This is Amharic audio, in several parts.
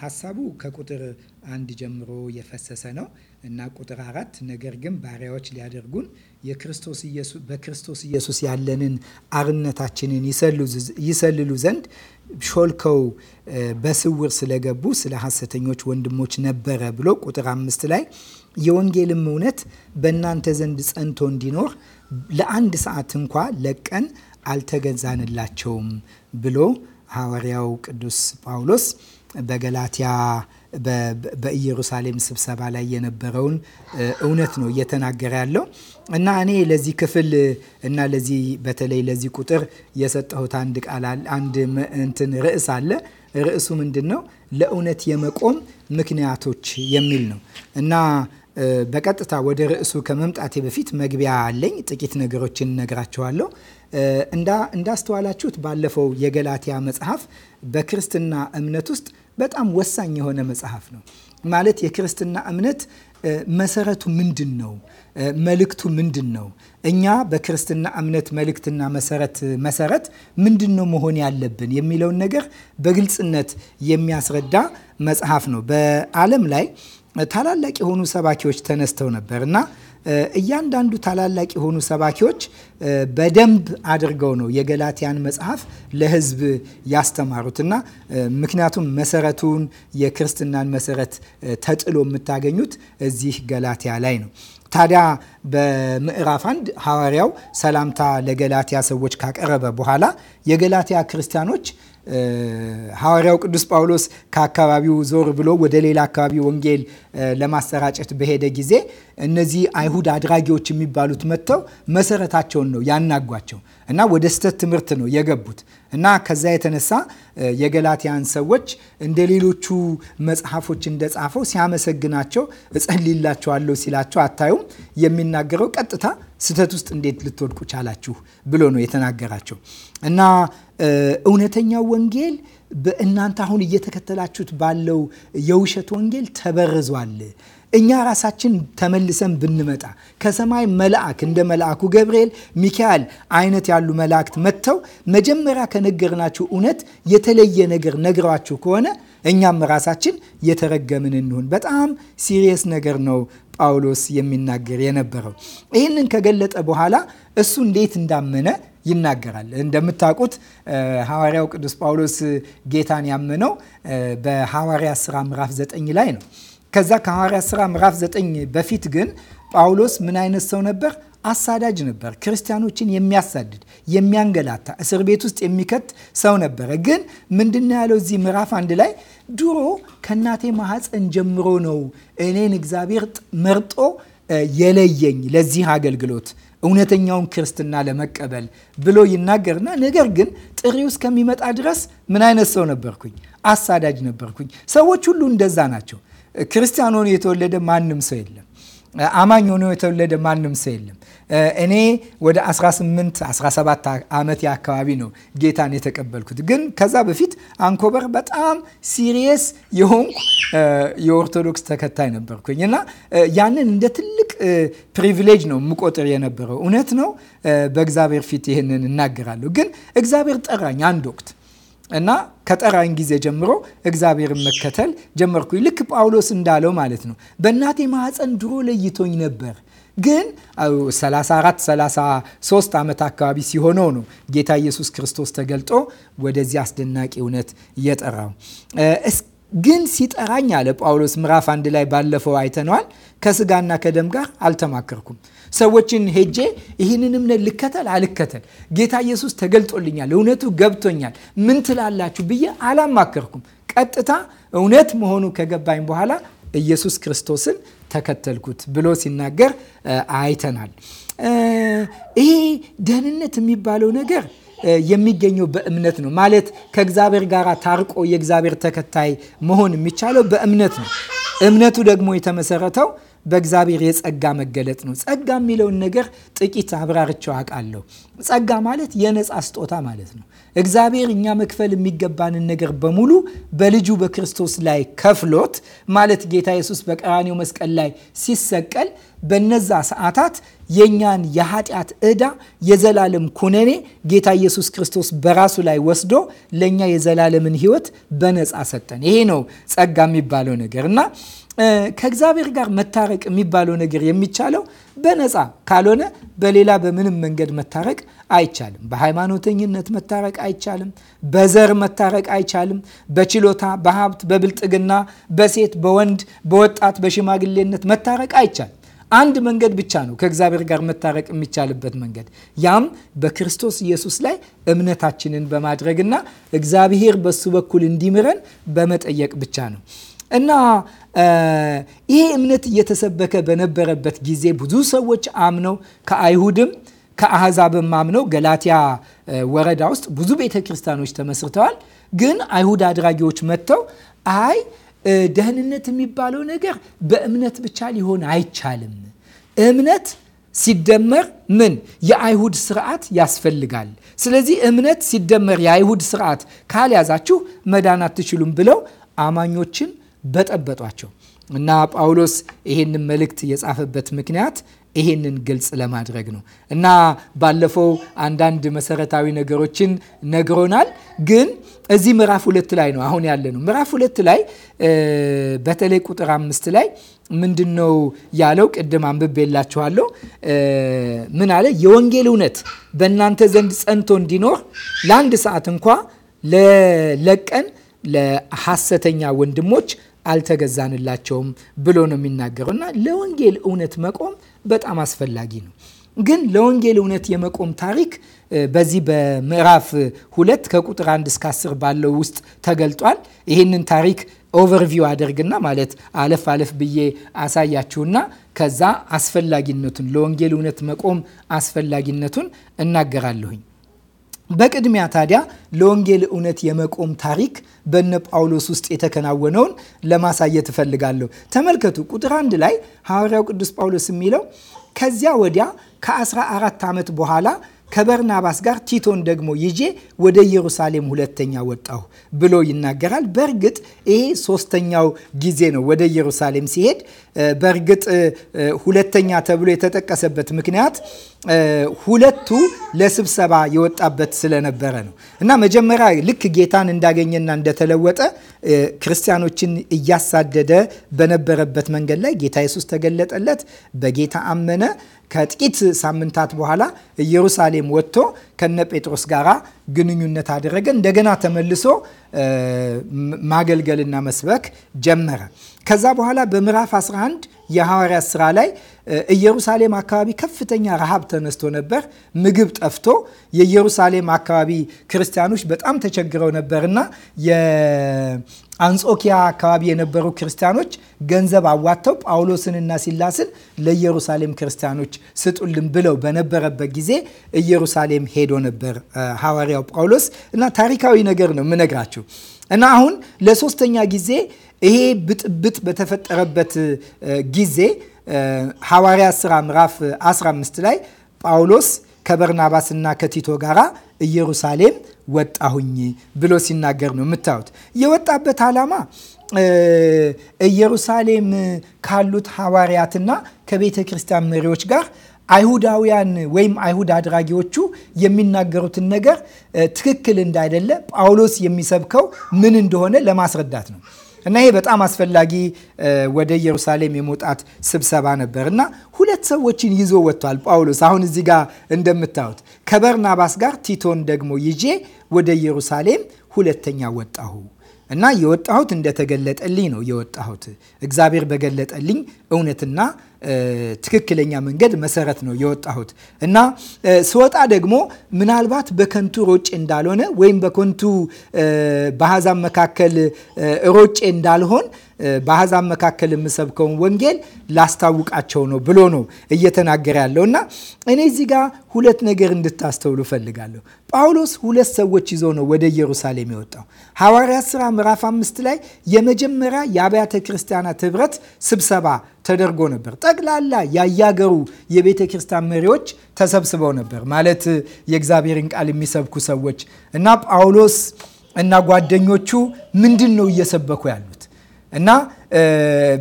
ሀሳቡ ከቁጥር አንድ ጀምሮ የፈሰሰ ነው እና ቁጥር አራት ነገር ግን ባሪያዎች ሊያደርጉን በክርስቶስ ኢየሱስ ያለንን አርነታችንን ይሰልሉ ዘንድ ሾልከው በስውር ስለገቡ ስለ ሐሰተኞች ወንድሞች ነበረ ብሎ ቁጥር አምስት ላይ የወንጌልም እውነት በእናንተ ዘንድ ጸንቶ እንዲኖር ለአንድ ሰዓት እንኳ ለቀን አልተገዛንላቸውም ብሎ ሐዋርያው ቅዱስ ጳውሎስ በገላትያ በኢየሩሳሌም ስብሰባ ላይ የነበረውን እውነት ነው እየተናገረ ያለው እና እኔ ለዚህ ክፍል እና ለዚህ በተለይ ለዚህ ቁጥር የሰጠሁት አንድ ቃል አንድ እንትን ርዕስ አለ። ርዕሱ ምንድን ነው? ለእውነት የመቆም ምክንያቶች የሚል ነው እና በቀጥታ ወደ ርዕሱ ከመምጣቴ በፊት መግቢያ አለኝ። ጥቂት ነገሮችን እነግራችኋለሁ። እንዳስተዋላችሁት ባለፈው የገላትያ መጽሐፍ በክርስትና እምነት ውስጥ በጣም ወሳኝ የሆነ መጽሐፍ ነው። ማለት የክርስትና እምነት መሰረቱ ምንድን ነው? መልእክቱ ምንድን ነው? እኛ በክርስትና እምነት መልእክትና መሰረት መሰረት ምንድን ነው መሆን ያለብን የሚለውን ነገር በግልጽነት የሚያስረዳ መጽሐፍ ነው። በዓለም ላይ ታላላቅ የሆኑ ሰባኪዎች ተነስተው ነበር እና እያንዳንዱ ታላላቅ የሆኑ ሰባኪዎች በደንብ አድርገው ነው የገላትያን መጽሐፍ ለሕዝብ ያስተማሩት እና ምክንያቱም መሰረቱን የክርስትናን መሰረት ተጥሎ የምታገኙት እዚህ ገላትያ ላይ ነው። ታዲያ በምዕራፍ አንድ ሐዋርያው ሰላምታ ለገላትያ ሰዎች ካቀረበ በኋላ የገላትያ ክርስቲያኖች ሐዋርያው ቅዱስ ጳውሎስ ከአካባቢው ዞር ብሎ ወደ ሌላ አካባቢ ወንጌል ለማሰራጨት በሄደ ጊዜ እነዚህ አይሁድ አድራጊዎች የሚባሉት መጥተው መሰረታቸውን ነው ያናጓቸው እና ወደ ስህተት ትምህርት ነው የገቡት እና ከዛ የተነሳ የገላትያን ሰዎች እንደ ሌሎቹ መጽሐፎች እንደጻፈው ሲያመሰግናቸው እጸልላቸዋለሁ ሲላቸው አታዩም። የሚናገረው ቀጥታ ስህተት ውስጥ እንዴት ልትወድቁ ቻላችሁ ብሎ ነው የተናገራቸው እና እውነተኛው ወንጌል በእናንተ አሁን እየተከተላችሁት ባለው የውሸት ወንጌል ተበርዟል። እኛ ራሳችን ተመልሰን ብንመጣ ከሰማይ መልአክ እንደ መልአኩ ገብርኤል፣ ሚካኤል አይነት ያሉ መላእክት መጥተው መጀመሪያ ከነገርናችሁ እውነት የተለየ ነገር ነግሯችሁ ከሆነ እኛም ራሳችን የተረገምን እንሁን። በጣም ሲሪየስ ነገር ነው ጳውሎስ የሚናገር የነበረው። ይህንን ከገለጠ በኋላ እሱ እንዴት እንዳመነ ይናገራል። እንደምታውቁት ሐዋርያው ቅዱስ ጳውሎስ ጌታን ያመነው በሐዋርያ ስራ ምዕራፍ 9 ላይ ነው። ከዛ ከሐዋርያ ስራ ምዕራፍ 9 በፊት ግን ጳውሎስ ምን አይነት ሰው ነበር? አሳዳጅ ነበር። ክርስቲያኖችን የሚያሳድድ የሚያንገላታ፣ እስር ቤት ውስጥ የሚከት ሰው ነበረ። ግን ምንድነው ያለው እዚህ ምዕራፍ አንድ ላይ ድሮ ከእናቴ ማህፀን ጀምሮ ነው እኔን እግዚአብሔር መርጦ የለየኝ ለዚህ አገልግሎት እውነተኛውን ክርስትና ለመቀበል ብሎ ይናገርና ነገር ግን ጥሪው እስከሚመጣ ድረስ ምን አይነት ሰው ነበርኩኝ? አሳዳጅ ነበርኩኝ። ሰዎች ሁሉ እንደዛ ናቸው። ክርስቲያን ሆኖ የተወለደ ማንም ሰው የለም። አማኝ ሆኖ የተወለደ ማንም ሰው የለም። እኔ ወደ 18 17 ዓመት አካባቢ ነው ጌታን የተቀበልኩት። ግን ከዛ በፊት አንኮበር በጣም ሲሪየስ የሆንኩ የኦርቶዶክስ ተከታይ ነበርኩኝ እና ያንን እንደ ትልቅ ፕሪቪሌጅ ነው የምቆጥር የነበረው። እውነት ነው፣ በእግዚአብሔር ፊት ይህንን እናገራለሁ። ግን እግዚአብሔር ጠራኝ አንድ ወቅት እና ከጠራኝ ጊዜ ጀምሮ እግዚአብሔርን መከተል ጀመርኩኝ። ልክ ጳውሎስ እንዳለው ማለት ነው። በእናቴ ማኅፀን ድሮ ለይቶኝ ነበር ግን 34 33 ዓመት አካባቢ ሲሆነው ነው ጌታ ኢየሱስ ክርስቶስ ተገልጦ ወደዚህ አስደናቂ እውነት እየጠራው ግን ሲጠራኝ አለ ጳውሎስ ምዕራፍ አንድ ላይ ባለፈው አይተነዋል። ከስጋና ከደም ጋር አልተማከርኩም። ሰዎችን ሄጄ ይህንን እምነት ልከተል አልከተል፣ ጌታ ኢየሱስ ተገልጦልኛል፣ እውነቱ ገብቶኛል፣ ምን ትላላችሁ ብዬ አላማከርኩም። ቀጥታ እውነት መሆኑ ከገባኝ በኋላ ኢየሱስ ክርስቶስን ተከተልኩት ብሎ ሲናገር አይተናል። ይሄ ደህንነት የሚባለው ነገር የሚገኘው በእምነት ነው። ማለት ከእግዚአብሔር ጋር ታርቆ የእግዚአብሔር ተከታይ መሆን የሚቻለው በእምነት ነው። እምነቱ ደግሞ የተመሰረተው በእግዚአብሔር የጸጋ መገለጥ ነው። ጸጋ የሚለውን ነገር ጥቂት አብራርቸው አውቃለሁ። ጸጋ ማለት የነፃ ስጦታ ማለት ነው። እግዚአብሔር እኛ መክፈል የሚገባንን ነገር በሙሉ በልጁ በክርስቶስ ላይ ከፍሎት ማለት ጌታ ኢየሱስ በቀራኔው መስቀል ላይ ሲሰቀል በነዛ ሰዓታት የእኛን የኃጢአት ዕዳ የዘላለም ኩነኔ ጌታ ኢየሱስ ክርስቶስ በራሱ ላይ ወስዶ ለእኛ የዘላለምን ሕይወት በነፃ ሰጠን። ይሄ ነው ጸጋ የሚባለው ነገር እና ከእግዚአብሔር ጋር መታረቅ የሚባለው ነገር የሚቻለው በነፃ ካልሆነ በሌላ በምንም መንገድ መታረቅ አይቻልም። በሃይማኖተኝነት መታረቅ አይቻልም። በዘር መታረቅ አይቻልም። በችሎታ፣ በሀብት፣ በብልጥግና፣ በሴት፣ በወንድ፣ በወጣት፣ በሽማግሌነት መታረቅ አይቻልም። አንድ መንገድ ብቻ ነው ከእግዚአብሔር ጋር መታረቅ የሚቻልበት መንገድ። ያም በክርስቶስ ኢየሱስ ላይ እምነታችንን በማድረግና እግዚአብሔር በሱ በኩል እንዲምረን በመጠየቅ ብቻ ነው እና ይሄ እምነት እየተሰበከ በነበረበት ጊዜ ብዙ ሰዎች አምነው ከአይሁድም ከአህዛብም አምነው ገላትያ ወረዳ ውስጥ ብዙ ቤተ ክርስቲያኖች ተመስርተዋል። ግን አይሁድ አድራጊዎች መጥተው አይ ደህንነት የሚባለው ነገር በእምነት ብቻ ሊሆን አይቻልም። እምነት ሲደመር ምን የአይሁድ ስርዓት ያስፈልጋል። ስለዚህ እምነት ሲደመር የአይሁድ ስርዓት ካልያዛችሁ መዳን አትችሉም ብለው አማኞችን በጠበጧቸው እና ጳውሎስ ይሄንን መልእክት የጻፈበት ምክንያት ይሄንን ግልጽ ለማድረግ ነው እና ባለፈው አንዳንድ መሰረታዊ ነገሮችን ነግሮናል። ግን እዚህ ምዕራፍ ሁለት ላይ ነው አሁን ያለ ነው። ምዕራፍ ሁለት ላይ በተለይ ቁጥር አምስት ላይ ምንድን ነው ያለው? ቅድም አንብቤላችኋለሁ። ምን አለ? የወንጌል እውነት በእናንተ ዘንድ ጸንቶ እንዲኖር ለአንድ ሰዓት እንኳ ለቀን ለሐሰተኛ ወንድሞች አልተገዛንላቸውም ብሎ ነው የሚናገረው እና ለወንጌል እውነት መቆም በጣም አስፈላጊ ነው። ግን ለወንጌል እውነት የመቆም ታሪክ በዚህ በምዕራፍ ሁለት ከቁጥር አንድ እስከ አስር ባለው ውስጥ ተገልጧል። ይህንን ታሪክ ኦቨርቪው አደርግና ማለት አለፍ አለፍ ብዬ አሳያችሁና ከዛ አስፈላጊነቱን ለወንጌል እውነት መቆም አስፈላጊነቱን እናገራለሁኝ። በቅድሚያ ታዲያ ለወንጌል እውነት የመቆም ታሪክ በነ ጳውሎስ ውስጥ የተከናወነውን ለማሳየት እፈልጋለሁ። ተመልከቱ፣ ቁጥር አንድ ላይ ሐዋርያው ቅዱስ ጳውሎስ የሚለው ከዚያ ወዲያ ከአስራ አራት ዓመት በኋላ ከበርናባስ ጋር ቲቶን ደግሞ ይዤ ወደ ኢየሩሳሌም ሁለተኛ ወጣሁ ብሎ ይናገራል። በእርግጥ ይሄ ሶስተኛው ጊዜ ነው ወደ ኢየሩሳሌም ሲሄድ። በእርግጥ ሁለተኛ ተብሎ የተጠቀሰበት ምክንያት ሁለቱ ለስብሰባ የወጣበት ስለነበረ ነው እና መጀመሪያ ልክ ጌታን እንዳገኘና እንደተለወጠ ክርስቲያኖችን እያሳደደ በነበረበት መንገድ ላይ ጌታ የሱስ ተገለጠለት። በጌታ አመነ። ከጥቂት ሳምንታት በኋላ ኢየሩሳሌም ወጥቶ ከነ ጴጥሮስ ጋራ ግንኙነት አደረገ። እንደገና ተመልሶ ማገልገልና መስበክ ጀመረ። ከዛ በኋላ በምዕራፍ 11 የሐዋርያት ስራ ላይ ኢየሩሳሌም አካባቢ ከፍተኛ ረሃብ ተነስቶ ነበር። ምግብ ጠፍቶ የኢየሩሳሌም አካባቢ ክርስቲያኖች በጣም ተቸግረው ነበርና የአንጾኪያ አካባቢ የነበሩ ክርስቲያኖች ገንዘብ አዋጥተው ጳውሎስንና ሲላስን ለኢየሩሳሌም ክርስቲያኖች ስጡልን ብለው በነበረበት ጊዜ ኢየሩሳሌም ሄዶ ነበር ሐዋርያው ጳውሎስ እና ታሪካዊ ነገር ነው የምነግራችሁ እና አሁን ለሶስተኛ ጊዜ ይሄ ብጥብጥ በተፈጠረበት ጊዜ ሐዋርያ ስራ ምዕራፍ 15 ላይ ጳውሎስ ከበርናባስና ከቲቶ ጋራ ኢየሩሳሌም ወጣሁኝ ብሎ ሲናገር ነው የምታዩት። የወጣበት ዓላማ ኢየሩሳሌም ካሉት ሐዋርያትና ከቤተ ክርስቲያን መሪዎች ጋር አይሁዳውያን ወይም አይሁድ አድራጊዎቹ የሚናገሩትን ነገር ትክክል እንዳይደለ ጳውሎስ የሚሰብከው ምን እንደሆነ ለማስረዳት ነው። እና ይሄ በጣም አስፈላጊ ወደ ኢየሩሳሌም የመውጣት ስብሰባ ነበር እና ሁለት ሰዎችን ይዞ ወጥቷል ጳውሎስ። አሁን እዚህ ጋር እንደምታዩት ከበርናባስ ጋር ቲቶን ደግሞ ይዤ ወደ ኢየሩሳሌም ሁለተኛ ወጣሁ እና የወጣሁት እንደተገለጠልኝ ነው የወጣሁት እግዚአብሔር በገለጠልኝ እውነትና ትክክለኛ መንገድ መሰረት ነው የወጣሁት እና ስወጣ ደግሞ ምናልባት በከንቱ ሮጬ እንዳልሆነ ወይም በከንቱ በአሕዛብ መካከል ሮጬ እንዳልሆን በአሕዛብ መካከል የምሰብከውን ወንጌል ላስታውቃቸው ነው ብሎ ነው እየተናገረ ያለው እና እኔ እዚህ ጋር ሁለት ነገር እንድታስተውሉ እፈልጋለሁ። ጳውሎስ ሁለት ሰዎች ይዞ ነው ወደ ኢየሩሳሌም የወጣው። ሐዋርያት ሥራ ምዕራፍ አምስት ላይ የመጀመሪያ የአብያተ ክርስቲያናት ኅብረት ስብሰባ ተደርጎ ነበር። ጠቅላላ ያያገሩ የቤተ ክርስቲያን መሪዎች ተሰብስበው ነበር ማለት የእግዚአብሔርን ቃል የሚሰብኩ ሰዎች እና ጳውሎስ እና ጓደኞቹ ምንድን ነው እየሰበኩ ያሉት? እና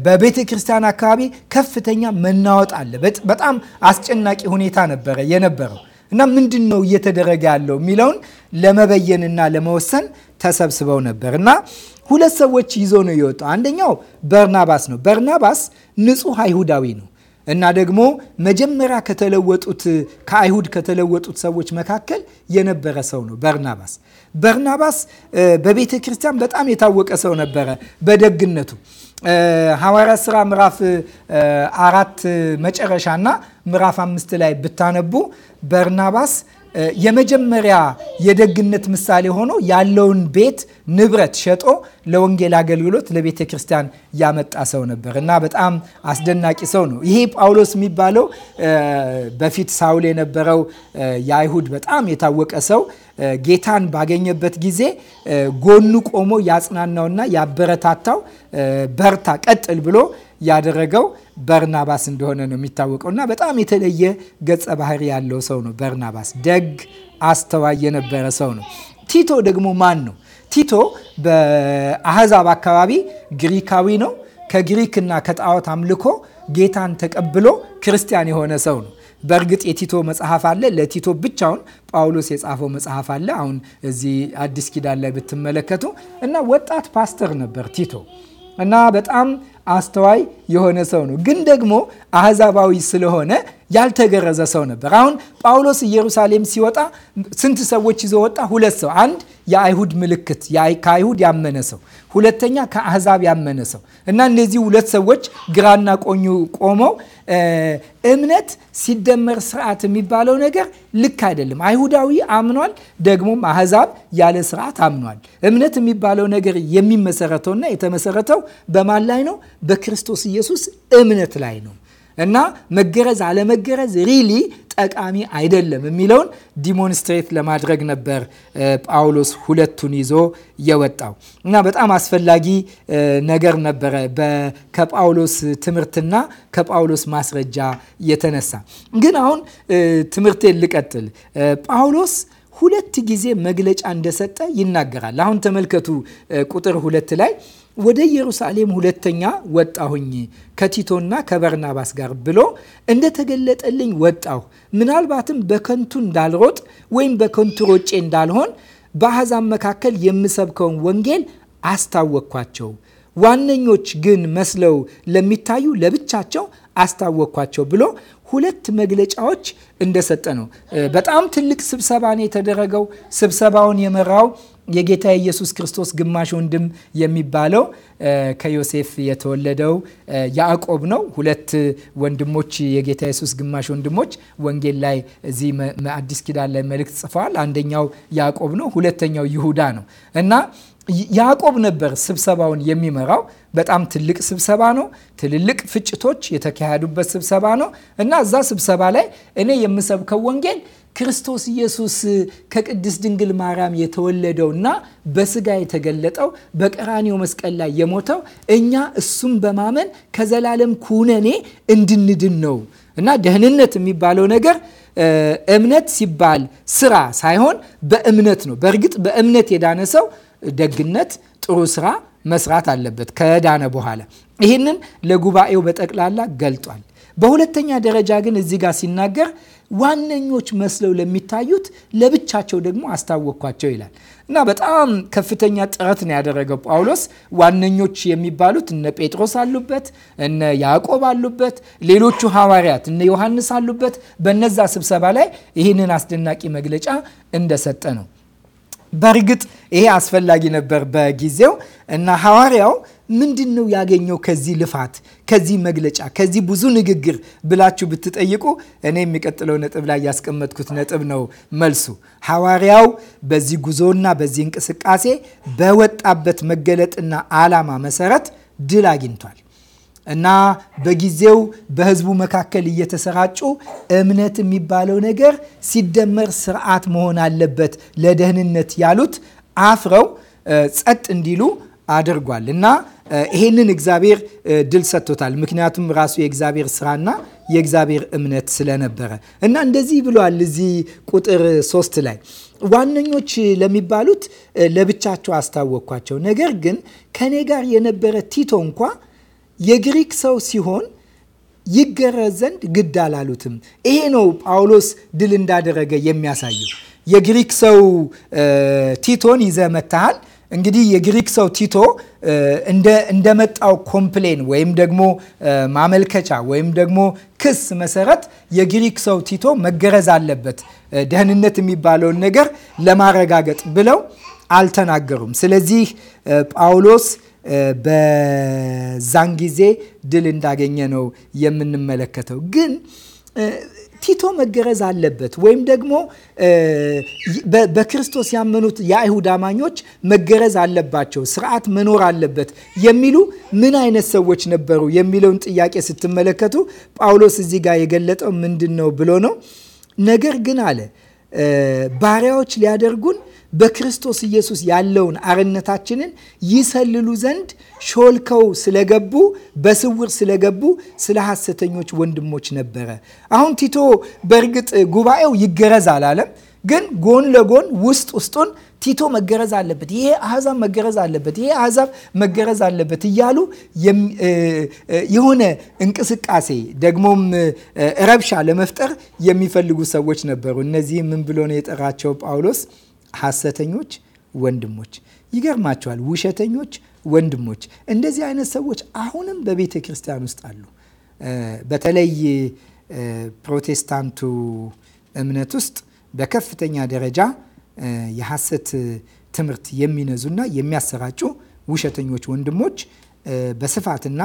በቤተ ክርስቲያን አካባቢ ከፍተኛ መናወጥ አለ። በጣም አስጨናቂ ሁኔታ ነበረ የነበረው እና ምንድን ነው እየተደረገ ያለው የሚለውን ለመበየንና ለመወሰን ተሰብስበው ነበር እና ሁለት ሰዎች ይዞ ነው የወጣው። አንደኛው በርናባስ ነው። በርናባስ ንጹህ አይሁዳዊ ነው እና ደግሞ መጀመሪያ ከተለወጡት ከአይሁድ ከተለወጡት ሰዎች መካከል የነበረ ሰው ነው በርናባስ። በርናባስ በቤተ ክርስቲያን በጣም የታወቀ ሰው ነበረ በደግነቱ። ሐዋርያ ሥራ ምዕራፍ አራት መጨረሻና ምዕራፍ አምስት ላይ ብታነቡ በርናባስ የመጀመሪያ የደግነት ምሳሌ ሆኖ ያለውን ቤት ንብረት ሸጦ ለወንጌል አገልግሎት ለቤተ ክርስቲያን ያመጣ ሰው ነበር እና በጣም አስደናቂ ሰው ነው። ይሄ ጳውሎስ የሚባለው በፊት ሳውል የነበረው የአይሁድ በጣም የታወቀ ሰው ጌታን ባገኘበት ጊዜ ጎኑ ቆሞ ያጽናናውና ያበረታታው በርታ፣ ቀጥል ብሎ ያደረገው በርናባስ እንደሆነ ነው የሚታወቀው እና በጣም የተለየ ገጸ ባህሪ ያለው ሰው ነው በርናባስ። ደግ አስተዋይ የነበረ ሰው ነው። ቲቶ ደግሞ ማን ነው? ቲቶ በአህዛብ አካባቢ ግሪካዊ ነው። ከግሪክና ከጣዖት አምልኮ ጌታን ተቀብሎ ክርስቲያን የሆነ ሰው ነው። በእርግጥ የቲቶ መጽሐፍ አለ። ለቲቶ ብቻውን ጳውሎስ የጻፈው መጽሐፍ አለ። አሁን እዚህ አዲስ ኪዳን ላይ ብትመለከቱ እና ወጣት ፓስተር ነበር ቲቶ እና በጣም አስተዋይ የሆነ ሰው ነው። ግን ደግሞ አህዛባዊ ስለሆነ ያልተገረዘ ሰው ነበር። አሁን ጳውሎስ ኢየሩሳሌም ሲወጣ ስንት ሰዎች ይዞ ወጣ? ሁለት ሰው አንድ የአይሁድ ምልክት ከአይሁድ ያመነ ሰው፣ ሁለተኛ ከአህዛብ ያመነ ሰው እና እነዚህ ሁለት ሰዎች ግራና ቆኙ ቆመው እምነት ሲደመር ስርዓት የሚባለው ነገር ልክ አይደለም። አይሁዳዊ አምኗል፣ ደግሞም አህዛብ ያለ ስርዓት አምኗል። እምነት የሚባለው ነገር የሚመሰረተውና የተመሰረተው በማን ላይ ነው? በክርስቶስ ኢየሱስ እምነት ላይ ነው። እና መገረዝ አለመገረዝ ሪሊ ጠቃሚ አይደለም የሚለውን ዲሞንስትሬት ለማድረግ ነበር ጳውሎስ ሁለቱን ይዞ የወጣው እና በጣም አስፈላጊ ነገር ነበረ ከጳውሎስ ትምህርትና ከጳውሎስ ማስረጃ የተነሳ ግን አሁን ትምህርቴን ልቀጥል ጳውሎስ ሁለት ጊዜ መግለጫ እንደሰጠ ይናገራል አሁን ተመልከቱ ቁጥር ሁለት ላይ ወደ ኢየሩሳሌም ሁለተኛ ወጣሁኝ ከቲቶና ከበርናባስ ጋር ብሎ እንደተገለጠልኝ ወጣሁ። ምናልባትም በከንቱ እንዳልሮጥ ወይም በከንቱ ሮጬ እንዳልሆን በአሕዛብ መካከል የምሰብከውን ወንጌል አስታወቅኳቸው። ዋነኞች ግን መስለው ለሚታዩ ለብቻቸው አስታወቅኳቸው ብሎ ሁለት መግለጫዎች እንደሰጠ ነው። በጣም ትልቅ ስብሰባ ነው የተደረገው። ስብሰባውን የመራው የጌታ ኢየሱስ ክርስቶስ ግማሽ ወንድም የሚባለው ከዮሴፍ የተወለደው ያዕቆብ ነው። ሁለት ወንድሞች የጌታ ኢየሱስ ግማሽ ወንድሞች ወንጌል ላይ እዚህ አዲስ ኪዳን ላይ መልእክት ጽፈዋል። አንደኛው ያዕቆብ ነው፣ ሁለተኛው ይሁዳ ነው እና ያዕቆብ ነበር ስብሰባውን የሚመራው። በጣም ትልቅ ስብሰባ ነው። ትልልቅ ፍጭቶች የተካሄዱበት ስብሰባ ነው እና እዛ ስብሰባ ላይ እኔ የምሰብከው ወንጌል ክርስቶስ ኢየሱስ ከቅድስት ድንግል ማርያም የተወለደው ና በስጋ የተገለጠው በቀራኒው መስቀል ላይ የሞተው እኛ እሱም በማመን ከዘላለም ኩነኔ እንድንድን ነው እና ደህንነት የሚባለው ነገር እምነት ሲባል ስራ ሳይሆን በእምነት ነው። በእርግጥ በእምነት የዳነ ሰው ደግነት፣ ጥሩ ስራ መስራት አለበት ከዳነ በኋላ። ይህንን ለጉባኤው በጠቅላላ ገልጧል። በሁለተኛ ደረጃ ግን እዚህ ጋር ሲናገር ዋነኞች መስለው ለሚታዩት ለብቻቸው ደግሞ አስታወቅኳቸው ይላል እና በጣም ከፍተኛ ጥረት ነው ያደረገው ጳውሎስ። ዋነኞች የሚባሉት እነ ጴጥሮስ አሉበት፣ እነ ያዕቆብ አሉበት፣ ሌሎቹ ሐዋርያት እነ ዮሐንስ አሉበት። በነዛ ስብሰባ ላይ ይህንን አስደናቂ መግለጫ እንደሰጠ ነው። በእርግጥ ይሄ አስፈላጊ ነበር በጊዜው እና ሐዋርያው ምንድን ነው ያገኘው ከዚህ ልፋት፣ ከዚህ መግለጫ፣ ከዚህ ብዙ ንግግር ብላችሁ ብትጠይቁ እኔ የሚቀጥለው ነጥብ ላይ ያስቀመጥኩት ነጥብ ነው መልሱ። ሐዋርያው በዚህ ጉዞና በዚህ እንቅስቃሴ በወጣበት መገለጥና ዓላማ መሰረት ድል አግኝቷል። እና በጊዜው በህዝቡ መካከል እየተሰራጩ እምነት የሚባለው ነገር ሲደመር ስርዓት መሆን አለበት ለደህንነት ያሉት አፍረው ጸጥ እንዲሉ አድርጓል እና ይሄንን እግዚአብሔር ድል ሰጥቶታል። ምክንያቱም ራሱ የእግዚአብሔር ስራና የእግዚአብሔር እምነት ስለነበረ እና እንደዚህ ብሏል። እዚህ ቁጥር ሶስት ላይ ዋነኞች ለሚባሉት ለብቻቸው አስታወቅኳቸው፣ ነገር ግን ከኔ ጋር የነበረ ቲቶ እንኳ የግሪክ ሰው ሲሆን ይገረዝ ዘንድ ግድ አላሉትም። ይሄ ነው ጳውሎስ ድል እንዳደረገ የሚያሳየው። የግሪክ ሰው ቲቶን ይዘ መታሃል። እንግዲህ የግሪክ ሰው ቲቶ እንደመጣው ኮምፕሌን ወይም ደግሞ ማመልከቻ ወይም ደግሞ ክስ መሰረት የግሪክ ሰው ቲቶ መገረዝ አለበት ደህንነት የሚባለውን ነገር ለማረጋገጥ ብለው አልተናገሩም። ስለዚህ ጳውሎስ በዛን ጊዜ ድል እንዳገኘ ነው የምንመለከተው። ግን ቲቶ መገረዝ አለበት ወይም ደግሞ በክርስቶስ ያመኑት የአይሁድ አማኞች መገረዝ አለባቸው፣ ስርዓት መኖር አለበት የሚሉ ምን አይነት ሰዎች ነበሩ የሚለውን ጥያቄ ስትመለከቱ ጳውሎስ እዚህ ጋር የገለጠው ምንድን ነው ብሎ ነው። ነገር ግን አለ ባሪያዎች ሊያደርጉን በክርስቶስ ኢየሱስ ያለውን አርነታችንን ይሰልሉ ዘንድ ሾልከው ስለገቡ በስውር ስለገቡ ስለ ሐሰተኞች ወንድሞች ነበረ። አሁን ቲቶ በእርግጥ ጉባኤው ይገረዝ አላለም፣ ግን ጎን ለጎን ውስጥ ውስጡን ቲቶ መገረዝ አለበት፣ ይሄ አሕዛብ መገረዝ አለበት፣ ይሄ አሕዛብ መገረዝ አለበት እያሉ የሆነ እንቅስቃሴ ደግሞም ረብሻ ለመፍጠር የሚፈልጉ ሰዎች ነበሩ። እነዚህ ምን ብሎ ነው የጠራቸው ጳውሎስ? ሐሰተኞች ወንድሞች ይገርማቸዋል። ውሸተኞች ወንድሞች እንደዚህ አይነት ሰዎች አሁንም በቤተ ክርስቲያን ውስጥ አሉ። በተለይ ፕሮቴስታንቱ እምነት ውስጥ በከፍተኛ ደረጃ የሐሰት ትምህርት የሚነዙና የሚያሰራጩ ውሸተኞች ወንድሞች በስፋትና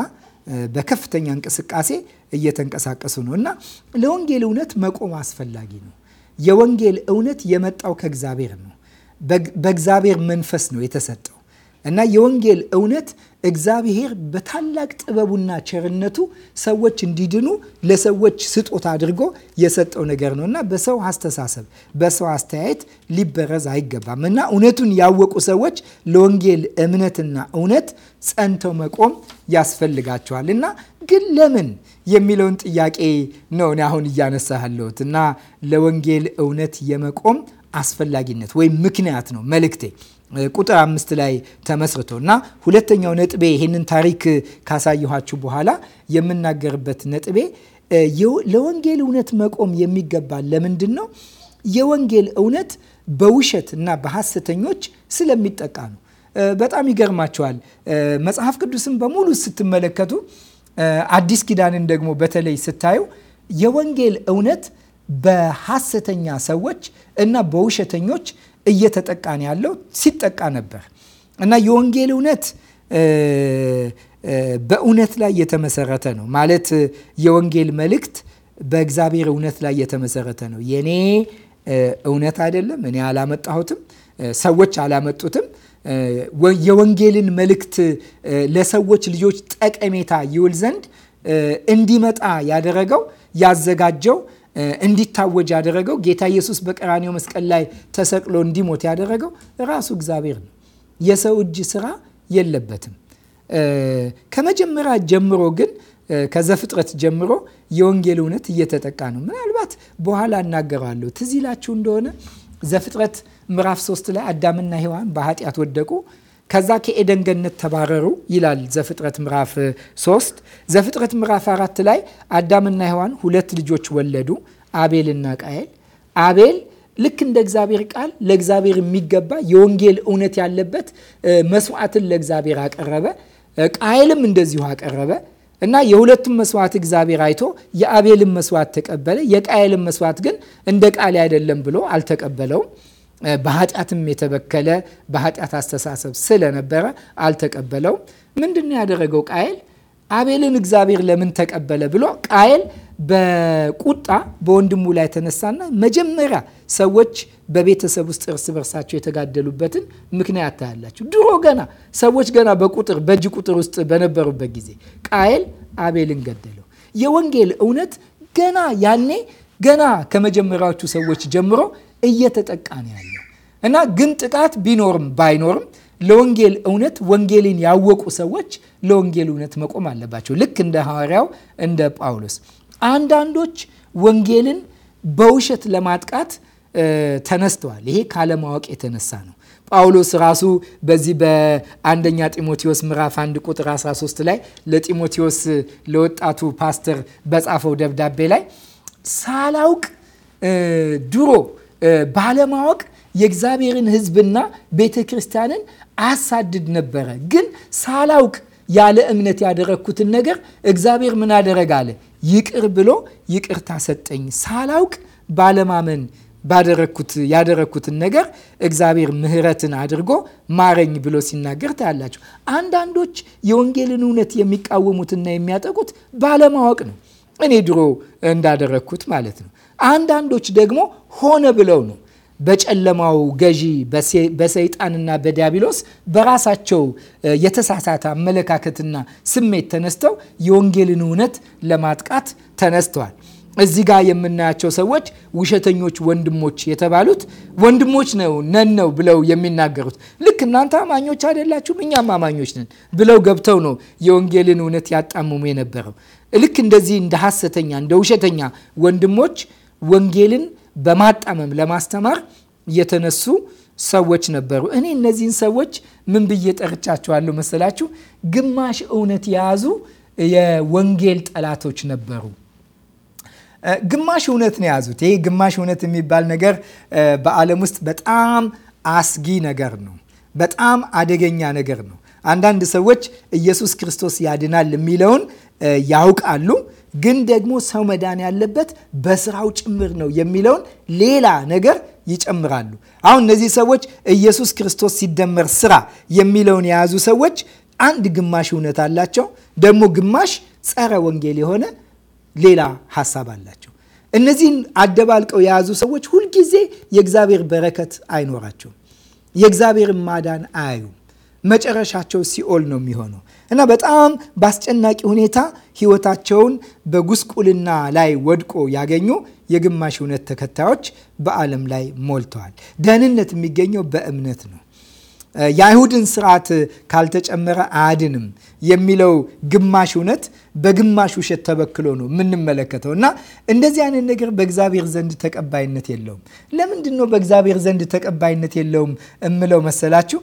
በከፍተኛ እንቅስቃሴ እየተንቀሳቀሱ ነው እና ለወንጌል እውነት መቆም አስፈላጊ ነው። የወንጌል እውነት የመጣው ከእግዚአብሔር ነው። በእግዚአብሔር መንፈስ ነው የተሰጠው እና የወንጌል እውነት እግዚአብሔር በታላቅ ጥበቡና ቸርነቱ ሰዎች እንዲድኑ ለሰዎች ስጦታ አድርጎ የሰጠው ነገር ነው እና በሰው አስተሳሰብ፣ በሰው አስተያየት ሊበረዝ አይገባም እና እውነቱን ያወቁ ሰዎች ለወንጌል እምነትና እውነት ጸንተው መቆም ያስፈልጋቸዋል እና ግን ለምን የሚለውን ጥያቄ ነው እኔ አሁን እያነሳ ያለሁት እና ለወንጌል እውነት የመቆም አስፈላጊነት ወይም ምክንያት ነው መልእክቴ ቁጥር አምስት ላይ ተመስርቶ እና ሁለተኛው ነጥቤ ይህንን ታሪክ ካሳየኋችሁ በኋላ የምናገርበት ነጥቤ ለወንጌል እውነት መቆም የሚገባ ለምንድን ነው? የወንጌል እውነት በውሸት እና በሐሰተኞች ስለሚጠቃ ነው። በጣም ይገርማቸዋል። መጽሐፍ ቅዱስን በሙሉ ስትመለከቱ፣ አዲስ ኪዳንን ደግሞ በተለይ ስታዩ የወንጌል እውነት በሐሰተኛ ሰዎች እና በውሸተኞች እየተጠቃን ያለው ሲጠቃ ነበር እና የወንጌል እውነት በእውነት ላይ የተመሰረተ ነው። ማለት የወንጌል መልእክት በእግዚአብሔር እውነት ላይ የተመሰረተ ነው። የኔ እውነት አይደለም፣ እኔ አላመጣሁትም፣ ሰዎች አላመጡትም። የወንጌልን መልእክት ለሰዎች ልጆች ጠቀሜታ ይውል ዘንድ እንዲመጣ ያደረገው ያዘጋጀው እንዲታወጅ ያደረገው ጌታ ኢየሱስ በቀራኔው መስቀል ላይ ተሰቅሎ እንዲሞት ያደረገው ራሱ እግዚአብሔር ነው። የሰው እጅ ስራ የለበትም። ከመጀመሪያ ጀምሮ ግን ከዘፍጥረት ጀምሮ የወንጌል እውነት እየተጠቃ ነው። ምናልባት በኋላ እናገራለሁ። ትዝ ይላችሁ እንደሆነ ዘፍጥረት ምዕራፍ ሶስት ላይ አዳምና ሔዋን በኃጢአት ወደቁ። ከዛ ከኤደን ገነት ተባረሩ ይላል ዘፍጥረት ምዕራፍ 3። ዘፍጥረት ምዕራፍ አራት ላይ አዳምና ሔዋን ሁለት ልጆች ወለዱ፣ አቤልና ቃየል። አቤል ልክ እንደ እግዚአብሔር ቃል ለእግዚአብሔር የሚገባ የወንጌል እውነት ያለበት መስዋዕትን ለእግዚአብሔር አቀረበ። ቃየልም እንደዚሁ አቀረበ እና የሁለቱም መስዋዕት እግዚአብሔር አይቶ የአቤልን መስዋዕት ተቀበለ። የቃየልን መስዋዕት ግን እንደ ቃል አይደለም ብሎ አልተቀበለውም። በኃጢአትም የተበከለ በኃጢአት አስተሳሰብ ስለነበረ አልተቀበለውም። ምንድን ያደረገው ቃየል አቤልን እግዚአብሔር ለምን ተቀበለ ብሎ ቃየል በቁጣ በወንድሙ ላይ ተነሳና መጀመሪያ ሰዎች በቤተሰብ ውስጥ እርስ በርሳቸው የተጋደሉበትን ምክንያት ታያላችሁ። ድሮ ገና ሰዎች ገና በቁጥር በእጅ ቁጥር ውስጥ በነበሩበት ጊዜ ቃየል አቤልን ገደለው። የወንጌል እውነት ገና ያኔ ገና ከመጀመሪያዎቹ ሰዎች ጀምሮ እየተጠቃ ነው ያለው እና ግን ጥቃት ቢኖርም ባይኖርም ለወንጌል እውነት ወንጌልን ያወቁ ሰዎች ለወንጌል እውነት መቆም አለባቸው። ልክ እንደ ሐዋርያው እንደ ጳውሎስ። አንዳንዶች ወንጌልን በውሸት ለማጥቃት ተነስተዋል። ይሄ ካለማወቅ የተነሳ ነው። ጳውሎስ ራሱ በዚህ በአንደኛ ጢሞቴዎስ ምዕራፍ 1 ቁጥር 13 ላይ ለጢሞቴዎስ ለወጣቱ ፓስተር በጻፈው ደብዳቤ ላይ ሳላውቅ ድሮ ባለማወቅ የእግዚአብሔርን ሕዝብና ቤተ ክርስቲያንን አሳድድ ነበረ። ግን ሳላውቅ ያለ እምነት ያደረግኩትን ነገር እግዚአብሔር ምን አደረግ አለ? ይቅር ብሎ ይቅርታ ሰጠኝ። ሳላውቅ ባለማመን ባደረግኩት ያደረግኩትን ነገር እግዚአብሔር ምሕረትን አድርጎ ማረኝ ብሎ ሲናገር ታያላችሁ። አንዳንዶች የወንጌልን እውነት የሚቃወሙትና የሚያጠቁት ባለማወቅ ነው። እኔ ድሮ እንዳደረግኩት ማለት ነው። አንዳንዶች ደግሞ ሆነ ብለው ነው በጨለማው ገዢ በሰይጣንና በዲያብሎስ በራሳቸው የተሳሳተ አመለካከትና ስሜት ተነስተው የወንጌልን እውነት ለማጥቃት ተነስተዋል። እዚህ ጋር የምናያቸው ሰዎች ውሸተኞች ወንድሞች የተባሉት ወንድሞች ነው ነን ነው ብለው የሚናገሩት ልክ እናንተ አማኞች አይደላችሁም እኛም አማኞች ነን ብለው ገብተው ነው የወንጌልን እውነት ያጣምሙ የነበረው። ልክ እንደዚህ እንደ ሐሰተኛ እንደ ውሸተኛ ወንድሞች ወንጌልን በማጣመም ለማስተማር የተነሱ ሰዎች ነበሩ። እኔ እነዚህን ሰዎች ምን ብዬ ጠርቻቸዋለሁ መሰላችሁ? ግማሽ እውነት የያዙ የወንጌል ጠላቶች ነበሩ። ግማሽ እውነት ነው የያዙት። ይሄ ግማሽ እውነት የሚባል ነገር በዓለም ውስጥ በጣም አስጊ ነገር ነው። በጣም አደገኛ ነገር ነው። አንዳንድ ሰዎች ኢየሱስ ክርስቶስ ያድናል የሚለውን ያውቃሉ ግን ደግሞ ሰው መዳን ያለበት በስራው ጭምር ነው የሚለውን ሌላ ነገር ይጨምራሉ። አሁን እነዚህ ሰዎች ኢየሱስ ክርስቶስ ሲደመር ስራ የሚለውን የያዙ ሰዎች አንድ ግማሽ እውነት አላቸው፣ ደግሞ ግማሽ ጸረ ወንጌል የሆነ ሌላ ሀሳብ አላቸው። እነዚህን አደባልቀው የያዙ ሰዎች ሁልጊዜ የእግዚአብሔር በረከት አይኖራቸውም። የእግዚአብሔርን ማዳን አያዩም። መጨረሻቸው ሲኦል ነው የሚሆነው። እና በጣም በአስጨናቂ ሁኔታ ህይወታቸውን በጉስቁልና ላይ ወድቆ ያገኙ የግማሽ እውነት ተከታዮች በዓለም ላይ ሞልተዋል። ደህንነት የሚገኘው በእምነት ነው። የአይሁድን ስርዓት ካልተጨመረ አያድንም የሚለው ግማሽ እውነት በግማሽ ውሸት ተበክሎ ነው የምንመለከተው እና እንደዚህ አይነት ነገር በእግዚአብሔር ዘንድ ተቀባይነት የለውም። ለምንድን ነው በእግዚአብሔር ዘንድ ተቀባይነት የለውም እምለው መሰላችሁ?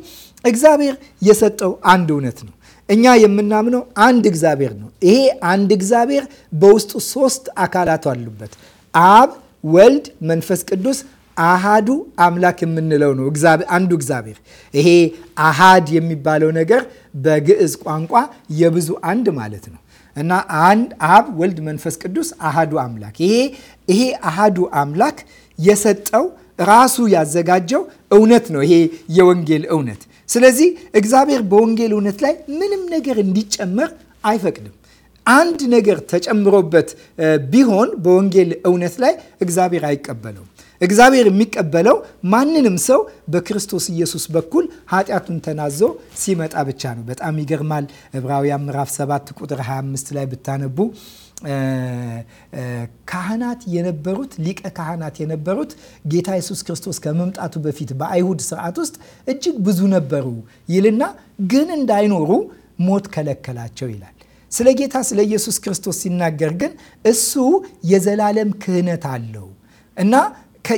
እግዚአብሔር የሰጠው አንድ እውነት ነው። እኛ የምናምነው አንድ እግዚአብሔር ነው። ይሄ አንድ እግዚአብሔር በውስጡ ሶስት አካላት አሉበት። አብ፣ ወልድ፣ መንፈስ ቅዱስ አሃዱ አምላክ የምንለው ነው አንዱ እግዚአብሔር። ይሄ አሃድ የሚባለው ነገር በግዕዝ ቋንቋ የብዙ አንድ ማለት ነው እና አንድ አብ፣ ወልድ፣ መንፈስ ቅዱስ አሃዱ አምላክ ይሄ ይሄ አሃዱ አምላክ የሰጠው ራሱ ያዘጋጀው እውነት ነው። ይሄ የወንጌል እውነት ስለዚህ እግዚአብሔር በወንጌል እውነት ላይ ምንም ነገር እንዲጨመር አይፈቅድም። አንድ ነገር ተጨምሮበት ቢሆን በወንጌል እውነት ላይ እግዚአብሔር አይቀበለውም። እግዚአብሔር የሚቀበለው ማንንም ሰው በክርስቶስ ኢየሱስ በኩል ኃጢአቱን ተናዞ ሲመጣ ብቻ ነው። በጣም ይገርማል። ዕብራውያን ምዕራፍ 7 ቁጥር 25 ላይ ብታነቡ ካህናት የነበሩት ሊቀ ካህናት የነበሩት ጌታ ኢየሱስ ክርስቶስ ከመምጣቱ በፊት በአይሁድ ስርዓት ውስጥ እጅግ ብዙ ነበሩ ይልና ግን እንዳይኖሩ ሞት ከለከላቸው ይላል። ስለ ጌታ ስለ ኢየሱስ ክርስቶስ ሲናገር ግን እሱ የዘላለም ክህነት አለው እና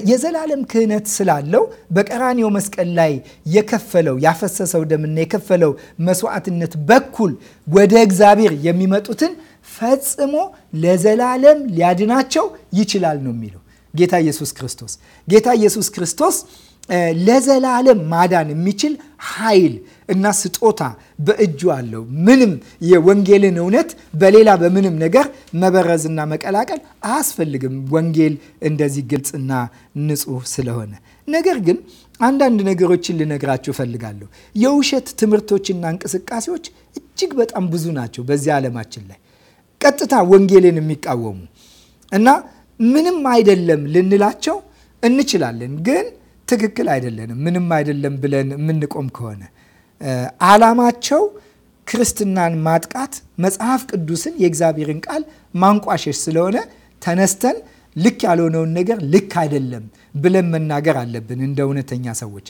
የዘላለም ክህነት ስላለው በቀራኒው መስቀል ላይ የከፈለው ያፈሰሰው ደምና የከፈለው መስዋዕትነት በኩል ወደ እግዚአብሔር የሚመጡትን ፈጽሞ ለዘላለም ሊያድናቸው ይችላል ነው የሚለው ጌታ ኢየሱስ ክርስቶስ። ጌታ ኢየሱስ ክርስቶስ ለዘላለም ማዳን የሚችል ኃይል እና ስጦታ በእጁ አለው። ምንም የወንጌልን እውነት በሌላ በምንም ነገር መበረዝና መቀላቀል አያስፈልግም። ወንጌል እንደዚህ ግልጽና ንጹህ ስለሆነ ነገር ግን አንዳንድ ነገሮችን ልነግራችሁ እፈልጋለሁ። የውሸት ትምህርቶችና እንቅስቃሴዎች እጅግ በጣም ብዙ ናቸው በዚህ ዓለማችን ላይ ቀጥታ ወንጌልን የሚቃወሙ እና ምንም አይደለም ልንላቸው እንችላለን፣ ግን ትክክል አይደለንም። ምንም አይደለም ብለን የምንቆም ከሆነ አላማቸው ክርስትናን ማጥቃት፣ መጽሐፍ ቅዱስን የእግዚአብሔርን ቃል ማንቋሸሽ ስለሆነ ተነስተን ልክ ያልሆነውን ነገር ልክ አይደለም ብለን መናገር አለብን። እንደ እውነተኛ ሰዎች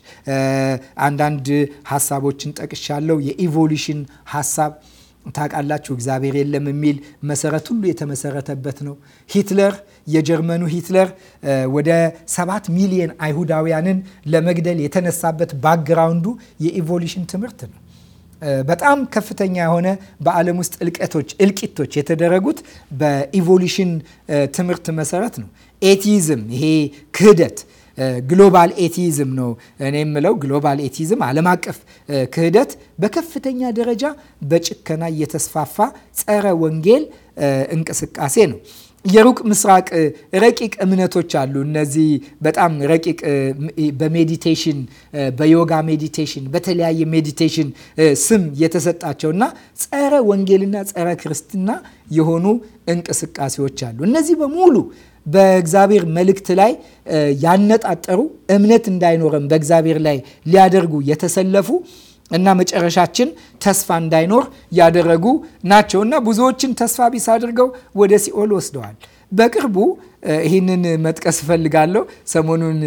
አንዳንድ ሀሳቦችን ጠቅሻለሁ። የኢቮሉሽን ሀሳብ ታውቃላችሁ፣ እግዚአብሔር የለም የሚል መሰረት ሁሉ የተመሰረተበት ነው። ሂትለር የጀርመኑ ሂትለር ወደ ሰባት ሚሊዮን አይሁዳውያንን ለመግደል የተነሳበት ባክግራውንዱ የኢቮሉሽን ትምህርት ነው። በጣም ከፍተኛ የሆነ በዓለም ውስጥ እልቀቶች እልቂቶች የተደረጉት በኢቮሉሽን ትምህርት መሰረት ነው። ኤቲይዝም ይሄ ክህደት ግሎባል ኤቲዝም ነው እኔ የምለው። ግሎባል ኤቲዝም ዓለም አቀፍ ክህደት በከፍተኛ ደረጃ በጭከና እየተስፋፋ ጸረ ወንጌል እንቅስቃሴ ነው። የሩቅ ምስራቅ ረቂቅ እምነቶች አሉ። እነዚህ በጣም ረቂቅ በሜዲቴሽን በዮጋ ሜዲቴሽን፣ በተለያየ ሜዲቴሽን ስም የተሰጣቸውና ጸረ ወንጌልና ጸረ ክርስትና የሆኑ እንቅስቃሴዎች አሉ። እነዚህ በሙሉ በእግዚአብሔር መልእክት ላይ ያነጣጠሩ እምነት እንዳይኖረን በእግዚአብሔር ላይ ሊያደርጉ የተሰለፉ እና መጨረሻችን ተስፋ እንዳይኖር ያደረጉ ናቸው እና ብዙዎችን ተስፋ ቢስ አድርገው ወደ ሲኦል ወስደዋል። በቅርቡ ይህንን መጥቀስ እፈልጋለሁ። ሰሞኑን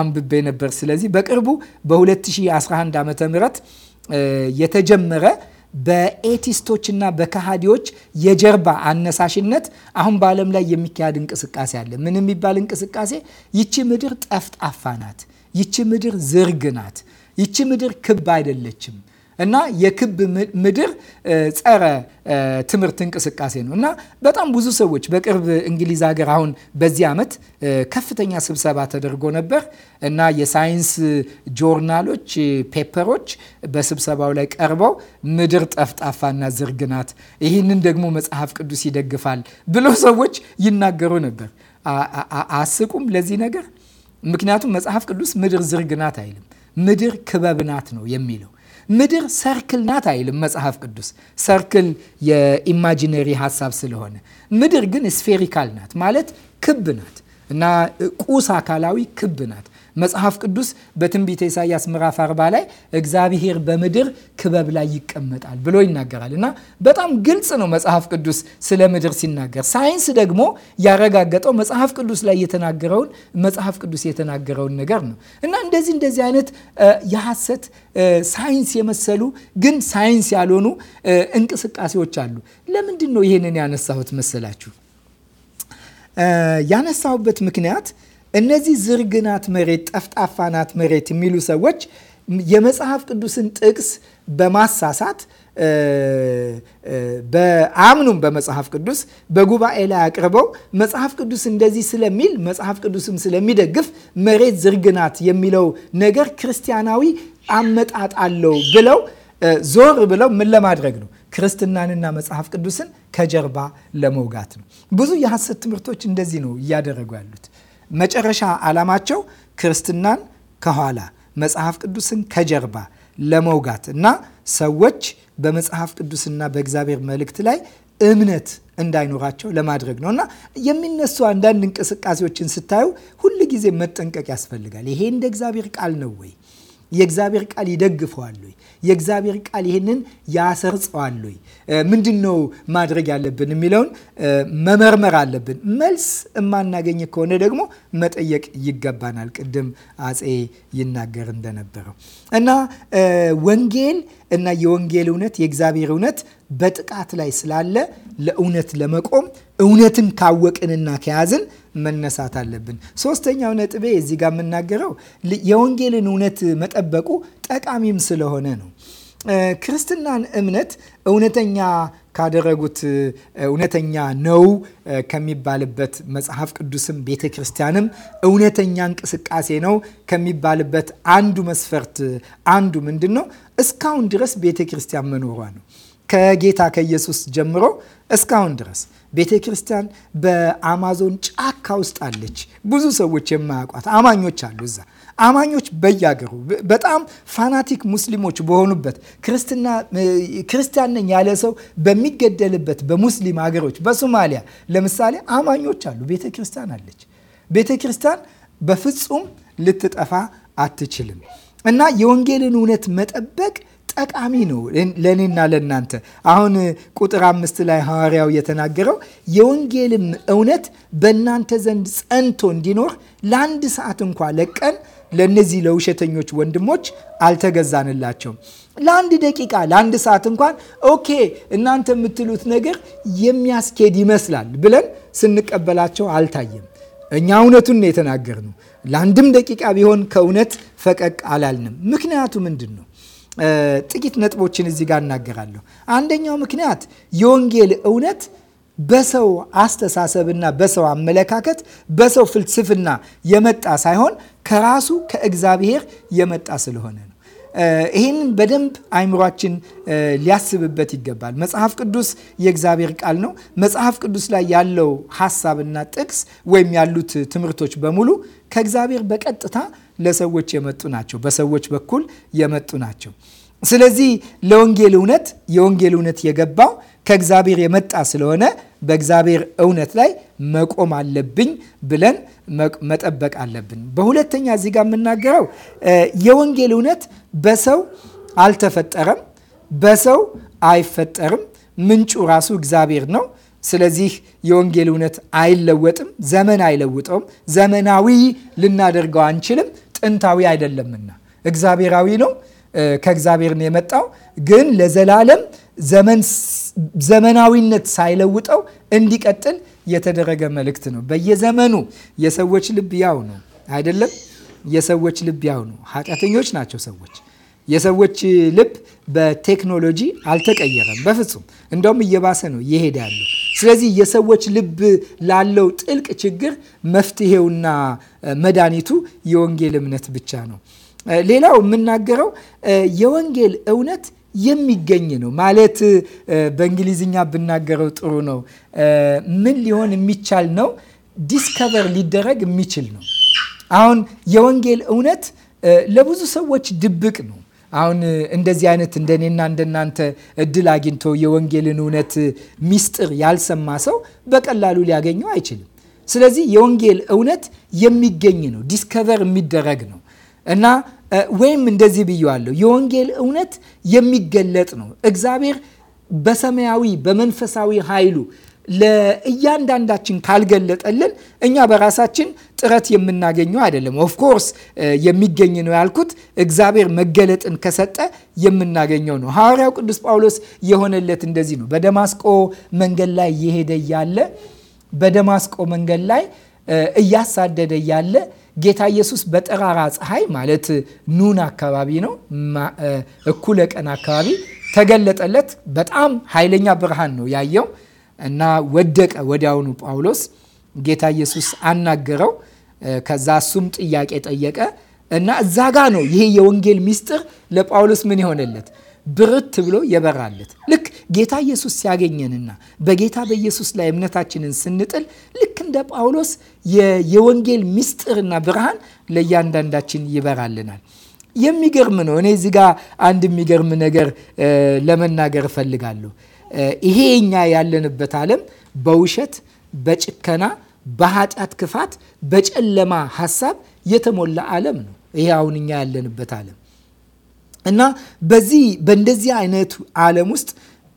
አንብቤ ነበር። ስለዚህ በቅርቡ በ2011 ዓ ም የተጀመረ በኤቲስቶችና በካሃዲዎች የጀርባ አነሳሽነት አሁን በዓለም ላይ የሚካሄድ እንቅስቃሴ አለ። ምን የሚባል እንቅስቃሴ? ይቺ ምድር ጠፍጣፋ ናት። ይቺ ምድር ዝርግ ናት። ይቺ ምድር ክብ አይደለችም። እና የክብ ምድር ጸረ ትምህርት እንቅስቃሴ ነው እና በጣም ብዙ ሰዎች በቅርብ እንግሊዝ ሀገር አሁን በዚህ ዓመት ከፍተኛ ስብሰባ ተደርጎ ነበር እና የሳይንስ ጆርናሎች ፔፐሮች በስብሰባው ላይ ቀርበው ምድር ጠፍጣፋና ዝርግ ናት፣ ይህንን ደግሞ መጽሐፍ ቅዱስ ይደግፋል ብለው ሰዎች ይናገሩ ነበር። አስቁም ለዚህ ነገር ምክንያቱም መጽሐፍ ቅዱስ ምድር ዝርግ ናት አይልም። ምድር ክበብ ናት ነው የሚለው ምድር ሰርክል ናት አይልም መጽሐፍ ቅዱስ። ሰርክል የኢማጂነሪ ሀሳብ ስለሆነ ምድር ግን ስፌሪካል ናት ማለት ክብ ናት እና ቁስ አካላዊ ክብ ናት። መጽሐፍ ቅዱስ በትንቢተ ኢሳያስ ምዕራፍ 40 ላይ እግዚአብሔር በምድር ክበብ ላይ ይቀመጣል ብሎ ይናገራል እና በጣም ግልጽ ነው መጽሐፍ ቅዱስ ስለ ምድር ሲናገር። ሳይንስ ደግሞ ያረጋገጠው መጽሐፍ ቅዱስ ላይ የተናገረውን መጽሐፍ ቅዱስ የተናገረውን ነገር ነው እና እንደዚህ እንደዚህ አይነት የሐሰት ሳይንስ የመሰሉ ግን ሳይንስ ያልሆኑ እንቅስቃሴዎች አሉ። ለምንድን ነው ይህንን ያነሳሁት መሰላችሁ? ያነሳሁበት ምክንያት እነዚህ ዝርግናት መሬት፣ ጠፍጣፋናት መሬት የሚሉ ሰዎች የመጽሐፍ ቅዱስን ጥቅስ በማሳሳት በአምኑም በመጽሐፍ ቅዱስ በጉባኤ ላይ አቅርበው መጽሐፍ ቅዱስ እንደዚህ ስለሚል መጽሐፍ ቅዱስም ስለሚደግፍ መሬት ዝርግናት የሚለው ነገር ክርስቲያናዊ አመጣጥ አለው ብለው ዞር ብለው ምን ለማድረግ ነው? ክርስትናንና መጽሐፍ ቅዱስን ከጀርባ ለመውጋት ነው። ብዙ የሐሰት ትምህርቶች እንደዚህ ነው እያደረጉ ያሉት። መጨረሻ ዓላማቸው ክርስትናን ከኋላ መጽሐፍ ቅዱስን ከጀርባ ለመውጋት እና ሰዎች በመጽሐፍ ቅዱስና በእግዚአብሔር መልእክት ላይ እምነት እንዳይኖራቸው ለማድረግ ነው እና የሚነሱ አንዳንድ እንቅስቃሴዎችን ስታዩ ሁል ጊዜ መጠንቀቅ ያስፈልጋል። ይሄ እንደ እግዚአብሔር ቃል ነው ወይ? የእግዚአብሔር ቃል ይደግፈዋል ወይ? የእግዚአብሔር ቃል ይህንን ያሰርጸዋል ወይ? ምንድን ነው ማድረግ ያለብን የሚለውን መመርመር አለብን። መልስ የማናገኝ ከሆነ ደግሞ መጠየቅ ይገባናል። ቅድም አፄ ይናገር እንደነበረው እና ወንጌል እና የወንጌል እውነት የእግዚአብሔር እውነት በጥቃት ላይ ስላለ ለእውነት ለመቆም እውነትን ካወቅንና ከያዝን መነሳት አለብን። ሶስተኛው ነጥቤ እዚህ ጋር የምናገረው የወንጌልን እውነት መጠበቁ ጠቃሚም ስለሆነ ነው። ክርስትናን እምነት እውነተኛ ካደረጉት እውነተኛ ነው ከሚባልበት መጽሐፍ ቅዱስም ቤተ ክርስቲያንም እውነተኛ እንቅስቃሴ ነው ከሚባልበት አንዱ መስፈርት አንዱ ምንድን ነው? እስካሁን ድረስ ቤተ ክርስቲያን መኖሯ ነው። ከጌታ ከኢየሱስ ጀምሮ እስካሁን ድረስ ቤተ ክርስቲያን በአማዞን ጫካ ውስጥ አለች። ብዙ ሰዎች የማያውቋት አማኞች አሉ እዛ አማኞች በያገሩ በጣም ፋናቲክ ሙስሊሞች በሆኑበት ክርስትና ክርስቲያን ነኝ ያለ ሰው በሚገደልበት በሙስሊም ሀገሮች በሶማሊያ ለምሳሌ አማኞች አሉ። ቤተ ክርስቲያን አለች። ቤተ ክርስቲያን በፍጹም ልትጠፋ አትችልም እና የወንጌልን እውነት መጠበቅ ጠቃሚ ነው ለእኔና ለእናንተ። አሁን ቁጥር አምስት ላይ ሐዋርያው የተናገረው የወንጌልም እውነት በእናንተ ዘንድ ጸንቶ እንዲኖር ለአንድ ሰዓት እንኳ ለቀን ለእነዚህ ለውሸተኞች ወንድሞች አልተገዛንላቸውም። ለአንድ ደቂቃ ለአንድ ሰዓት እንኳን ኦኬ እናንተ የምትሉት ነገር የሚያስኬድ ይመስላል ብለን ስንቀበላቸው አልታየም። እኛ እውነቱን ነው የተናገርነው። ለአንድም ደቂቃ ቢሆን ከእውነት ፈቀቅ አላልንም። ምክንያቱ ምንድን ነው? ጥቂት ነጥቦችን እዚህ ጋር እናገራለሁ። አንደኛው ምክንያት የወንጌል እውነት በሰው አስተሳሰብና በሰው አመለካከት፣ በሰው ፍልስፍና የመጣ ሳይሆን ከራሱ ከእግዚአብሔር የመጣ ስለሆነ ነው። ይህንን በደንብ አይምሯችን ሊያስብበት ይገባል። መጽሐፍ ቅዱስ የእግዚአብሔር ቃል ነው። መጽሐፍ ቅዱስ ላይ ያለው ሀሳብና ጥቅስ ወይም ያሉት ትምህርቶች በሙሉ ከእግዚአብሔር በቀጥታ ለሰዎች የመጡ ናቸው፣ በሰዎች በኩል የመጡ ናቸው። ስለዚህ ለወንጌል እውነት የወንጌል እውነት የገባው ከእግዚአብሔር የመጣ ስለሆነ በእግዚአብሔር እውነት ላይ መቆም አለብኝ ብለን መጠበቅ አለብን። በሁለተኛ እዚህ ጋር የምናገረው የወንጌል እውነት በሰው አልተፈጠረም፣ በሰው አይፈጠርም። ምንጩ ራሱ እግዚአብሔር ነው። ስለዚህ የወንጌል እውነት አይለወጥም፣ ዘመን አይለውጠውም። ዘመናዊ ልናደርገው አንችልም፣ ጥንታዊ አይደለምና እግዚአብሔራዊ ነው። ከእግዚአብሔር ነው የመጣው። ግን ለዘላለም ዘመናዊነት ሳይለውጠው እንዲቀጥል የተደረገ መልእክት ነው። በየዘመኑ የሰዎች ልብ ያው ነው አይደለም? የሰዎች ልብ ያው ነው። ኃጢአተኞች ናቸው ሰዎች። የሰዎች ልብ በቴክኖሎጂ አልተቀየረም በፍጹም። እንደውም እየባሰ ነው እየሄደ ያለው። ስለዚህ የሰዎች ልብ ላለው ጥልቅ ችግር መፍትሄውና መድኃኒቱ የወንጌል እምነት ብቻ ነው። ሌላው የምናገረው የወንጌል እውነት የሚገኝ ነው ማለት በእንግሊዝኛ ብናገረው ጥሩ ነው። ምን ሊሆን የሚቻል ነው? ዲስከቨር ሊደረግ የሚችል ነው። አሁን የወንጌል እውነት ለብዙ ሰዎች ድብቅ ነው። አሁን እንደዚህ አይነት እንደኔና እንደናንተ እድል አግኝቶ የወንጌልን እውነት ሚስጥር ያልሰማ ሰው በቀላሉ ሊያገኘው አይችልም። ስለዚህ የወንጌል እውነት የሚገኝ ነው፣ ዲስከቨር የሚደረግ ነው። እና ወይም እንደዚህ ብየዋለሁ፣ የወንጌል እውነት የሚገለጥ ነው። እግዚአብሔር በሰማያዊ በመንፈሳዊ ኃይሉ ለእያንዳንዳችን ካልገለጠልን እኛ በራሳችን ጥረት የምናገኘው አይደለም። ኦፍኮርስ የሚገኝ ነው ያልኩት እግዚአብሔር መገለጥን ከሰጠ የምናገኘው ነው። ሐዋርያው ቅዱስ ጳውሎስ የሆነለት እንደዚህ ነው። በደማስቆ መንገድ ላይ እየሄደ እያለ በደማስቆ መንገድ ላይ እያሳደደ እያለ ጌታ ኢየሱስ በጠራራ ፀሐይ ማለት ኑን አካባቢ ነው፣ እኩለ ቀን አካባቢ ተገለጠለት። በጣም ኃይለኛ ብርሃን ነው ያየው እና ወደቀ። ወዲያውኑ ጳውሎስ ጌታ ኢየሱስ አናገረው። ከዛ እሱም ጥያቄ ጠየቀ እና እዛ ጋ ነው ይሄ የወንጌል ምስጢር ለጳውሎስ ምን ይሆነለት ብርት ብሎ የበራለት ልክ ጌታ ኢየሱስ ሲያገኘንና በጌታ በኢየሱስ ላይ እምነታችንን ስንጥል ልክ እንደ ጳውሎስ የወንጌል ምስጢርና ብርሃን ለእያንዳንዳችን ይበራልናል። የሚገርም ነው። እኔ እዚህ ጋር አንድ የሚገርም ነገር ለመናገር እፈልጋለሁ። ይሄ እኛ ያለንበት ዓለም በውሸት፣ በጭከና፣ በኃጢአት ክፋት፣ በጨለማ ሀሳብ የተሞላ ዓለም ነው። ይሄ አሁን እኛ ያለንበት ዓለም እና በዚህ በእንደዚህ አይነቱ ዓለም ውስጥ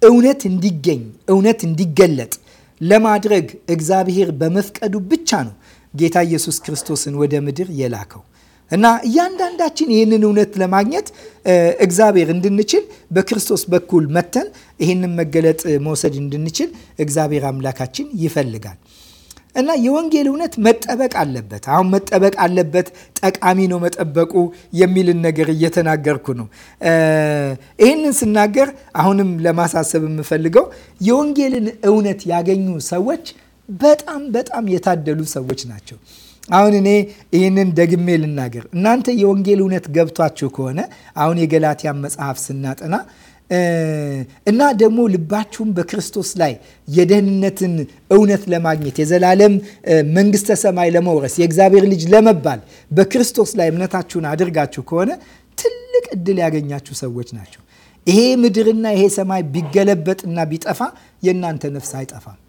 እውነት እንዲገኝ እውነት እንዲገለጥ ለማድረግ እግዚአብሔር በመፍቀዱ ብቻ ነው ጌታ ኢየሱስ ክርስቶስን ወደ ምድር የላከው እና እያንዳንዳችን ይህንን እውነት ለማግኘት እግዚአብሔር እንድንችል በክርስቶስ በኩል መተን ይህንን መገለጥ መውሰድ እንድንችል እግዚአብሔር አምላካችን ይፈልጋል። እና የወንጌል እውነት መጠበቅ አለበት። አሁን መጠበቅ አለበት፣ ጠቃሚ ነው መጠበቁ የሚልን ነገር እየተናገርኩ ነው። ይህንን ስናገር አሁንም ለማሳሰብ የምፈልገው የወንጌልን እውነት ያገኙ ሰዎች በጣም በጣም የታደሉ ሰዎች ናቸው። አሁን እኔ ይህንን ደግሜ ልናገር። እናንተ የወንጌል እውነት ገብቷችሁ ከሆነ አሁን የገላትያን መጽሐፍ ስናጠና እና ደግሞ ልባችሁም በክርስቶስ ላይ የደህንነትን እውነት ለማግኘት የዘላለም መንግስተ ሰማይ ለመውረስ የእግዚአብሔር ልጅ ለመባል በክርስቶስ ላይ እምነታችሁን አድርጋችሁ ከሆነ ትልቅ እድል ያገኛችሁ ሰዎች ናቸው። ይሄ ምድርና ይሄ ሰማይ ቢገለበጥና ቢጠፋ የእናንተ ነፍስ አይጠፋም።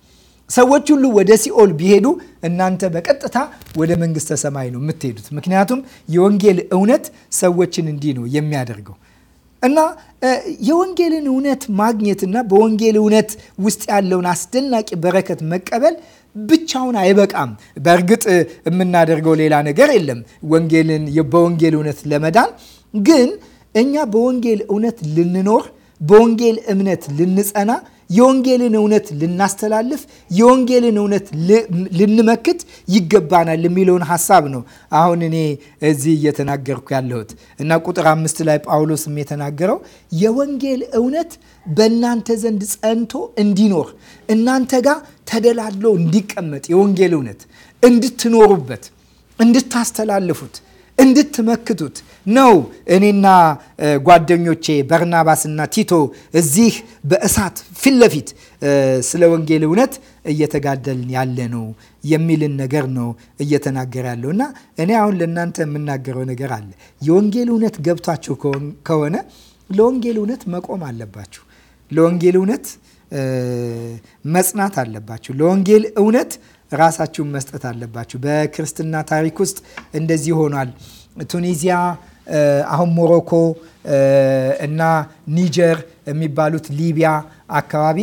ሰዎች ሁሉ ወደ ሲኦል ቢሄዱ እናንተ በቀጥታ ወደ መንግስተ ሰማይ ነው የምትሄዱት። ምክንያቱም የወንጌል እውነት ሰዎችን እንዲህ ነው የሚያደርገው እና የወንጌልን እውነት ማግኘትና በወንጌል እውነት ውስጥ ያለውን አስደናቂ በረከት መቀበል ብቻውን አይበቃም። በእርግጥ የምናደርገው ሌላ ነገር የለም ወንጌልን በወንጌል እውነት ለመዳን ግን እኛ በወንጌል እውነት ልንኖር በወንጌል እምነት ልንጸና፣ የወንጌልን እውነት ልናስተላልፍ፣ የወንጌልን እውነት ልንመክት ይገባናል የሚለውን ሀሳብ ነው አሁን እኔ እዚህ እየተናገርኩ ያለሁት እና ቁጥር አምስት ላይ ጳውሎስም የተናገረው የወንጌል እውነት በእናንተ ዘንድ ጸንቶ እንዲኖር እናንተ ጋር ተደላድሎ እንዲቀመጥ የወንጌል እውነት እንድትኖሩበት እንድታስተላልፉት እንድትመክቱት ነው እኔና ጓደኞቼ በርናባስና ቲቶ እዚህ በእሳት ፊት ለፊት ስለ ወንጌል እውነት እየተጋደልን ያለ ነው የሚልን ነገር ነው እየተናገረ ያለው እና እኔ አሁን ለእናንተ የምናገረው ነገር አለ። የወንጌል እውነት ገብቷችሁ ከሆነ ለወንጌል እውነት መቆም አለባችሁ። ለወንጌል እውነት መጽናት አለባችሁ። ለወንጌል እውነት ራሳችሁን መስጠት አለባችሁ። በክርስትና ታሪክ ውስጥ እንደዚህ ሆኗል። ቱኒዚያ፣ አሁን ሞሮኮ እና ኒጀር የሚባሉት ሊቢያ አካባቢ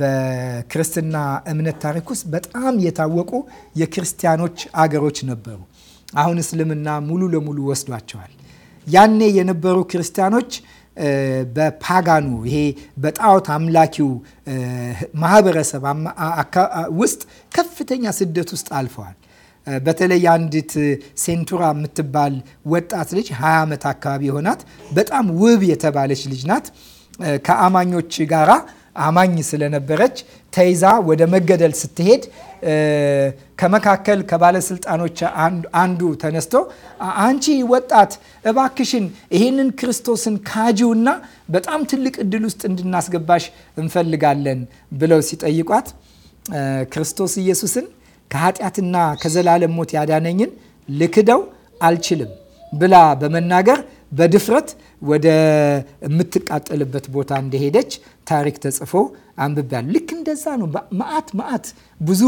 በክርስትና እምነት ታሪክ ውስጥ በጣም የታወቁ የክርስቲያኖች አገሮች ነበሩ። አሁን እስልምና ሙሉ ለሙሉ ወስዷቸዋል። ያኔ የነበሩ ክርስቲያኖች በፓጋኑ ይሄ በጣዖት አምላኪው ማህበረሰብ ውስጥ ከፍተኛ ስደት ውስጥ አልፈዋል። በተለይ አንዲት ሴንቱራ የምትባል ወጣት ልጅ 20 ዓመት አካባቢ የሆናት በጣም ውብ የተባለች ልጅ ናት። ከአማኞች ጋራ አማኝ ስለነበረች ተይዛ ወደ መገደል ስትሄድ ከመካከል ከባለስልጣኖች አንዱ ተነስቶ አንቺ ወጣት እባክሽን ይሄንን ክርስቶስን ካጂውና በጣም ትልቅ እድል ውስጥ እንድናስገባሽ እንፈልጋለን ብለው ሲጠይቋት ክርስቶስ ኢየሱስን ከኃጢአትና ከዘላለም ሞት ያዳነኝን ልክደው አልችልም ብላ በመናገር በድፍረት ወደ የምትቃጠልበት ቦታ እንደሄደች ታሪክ ተጽፎ አንብቤያል። ልክ እንደዛ ነው። ማአት ማአት ብዙ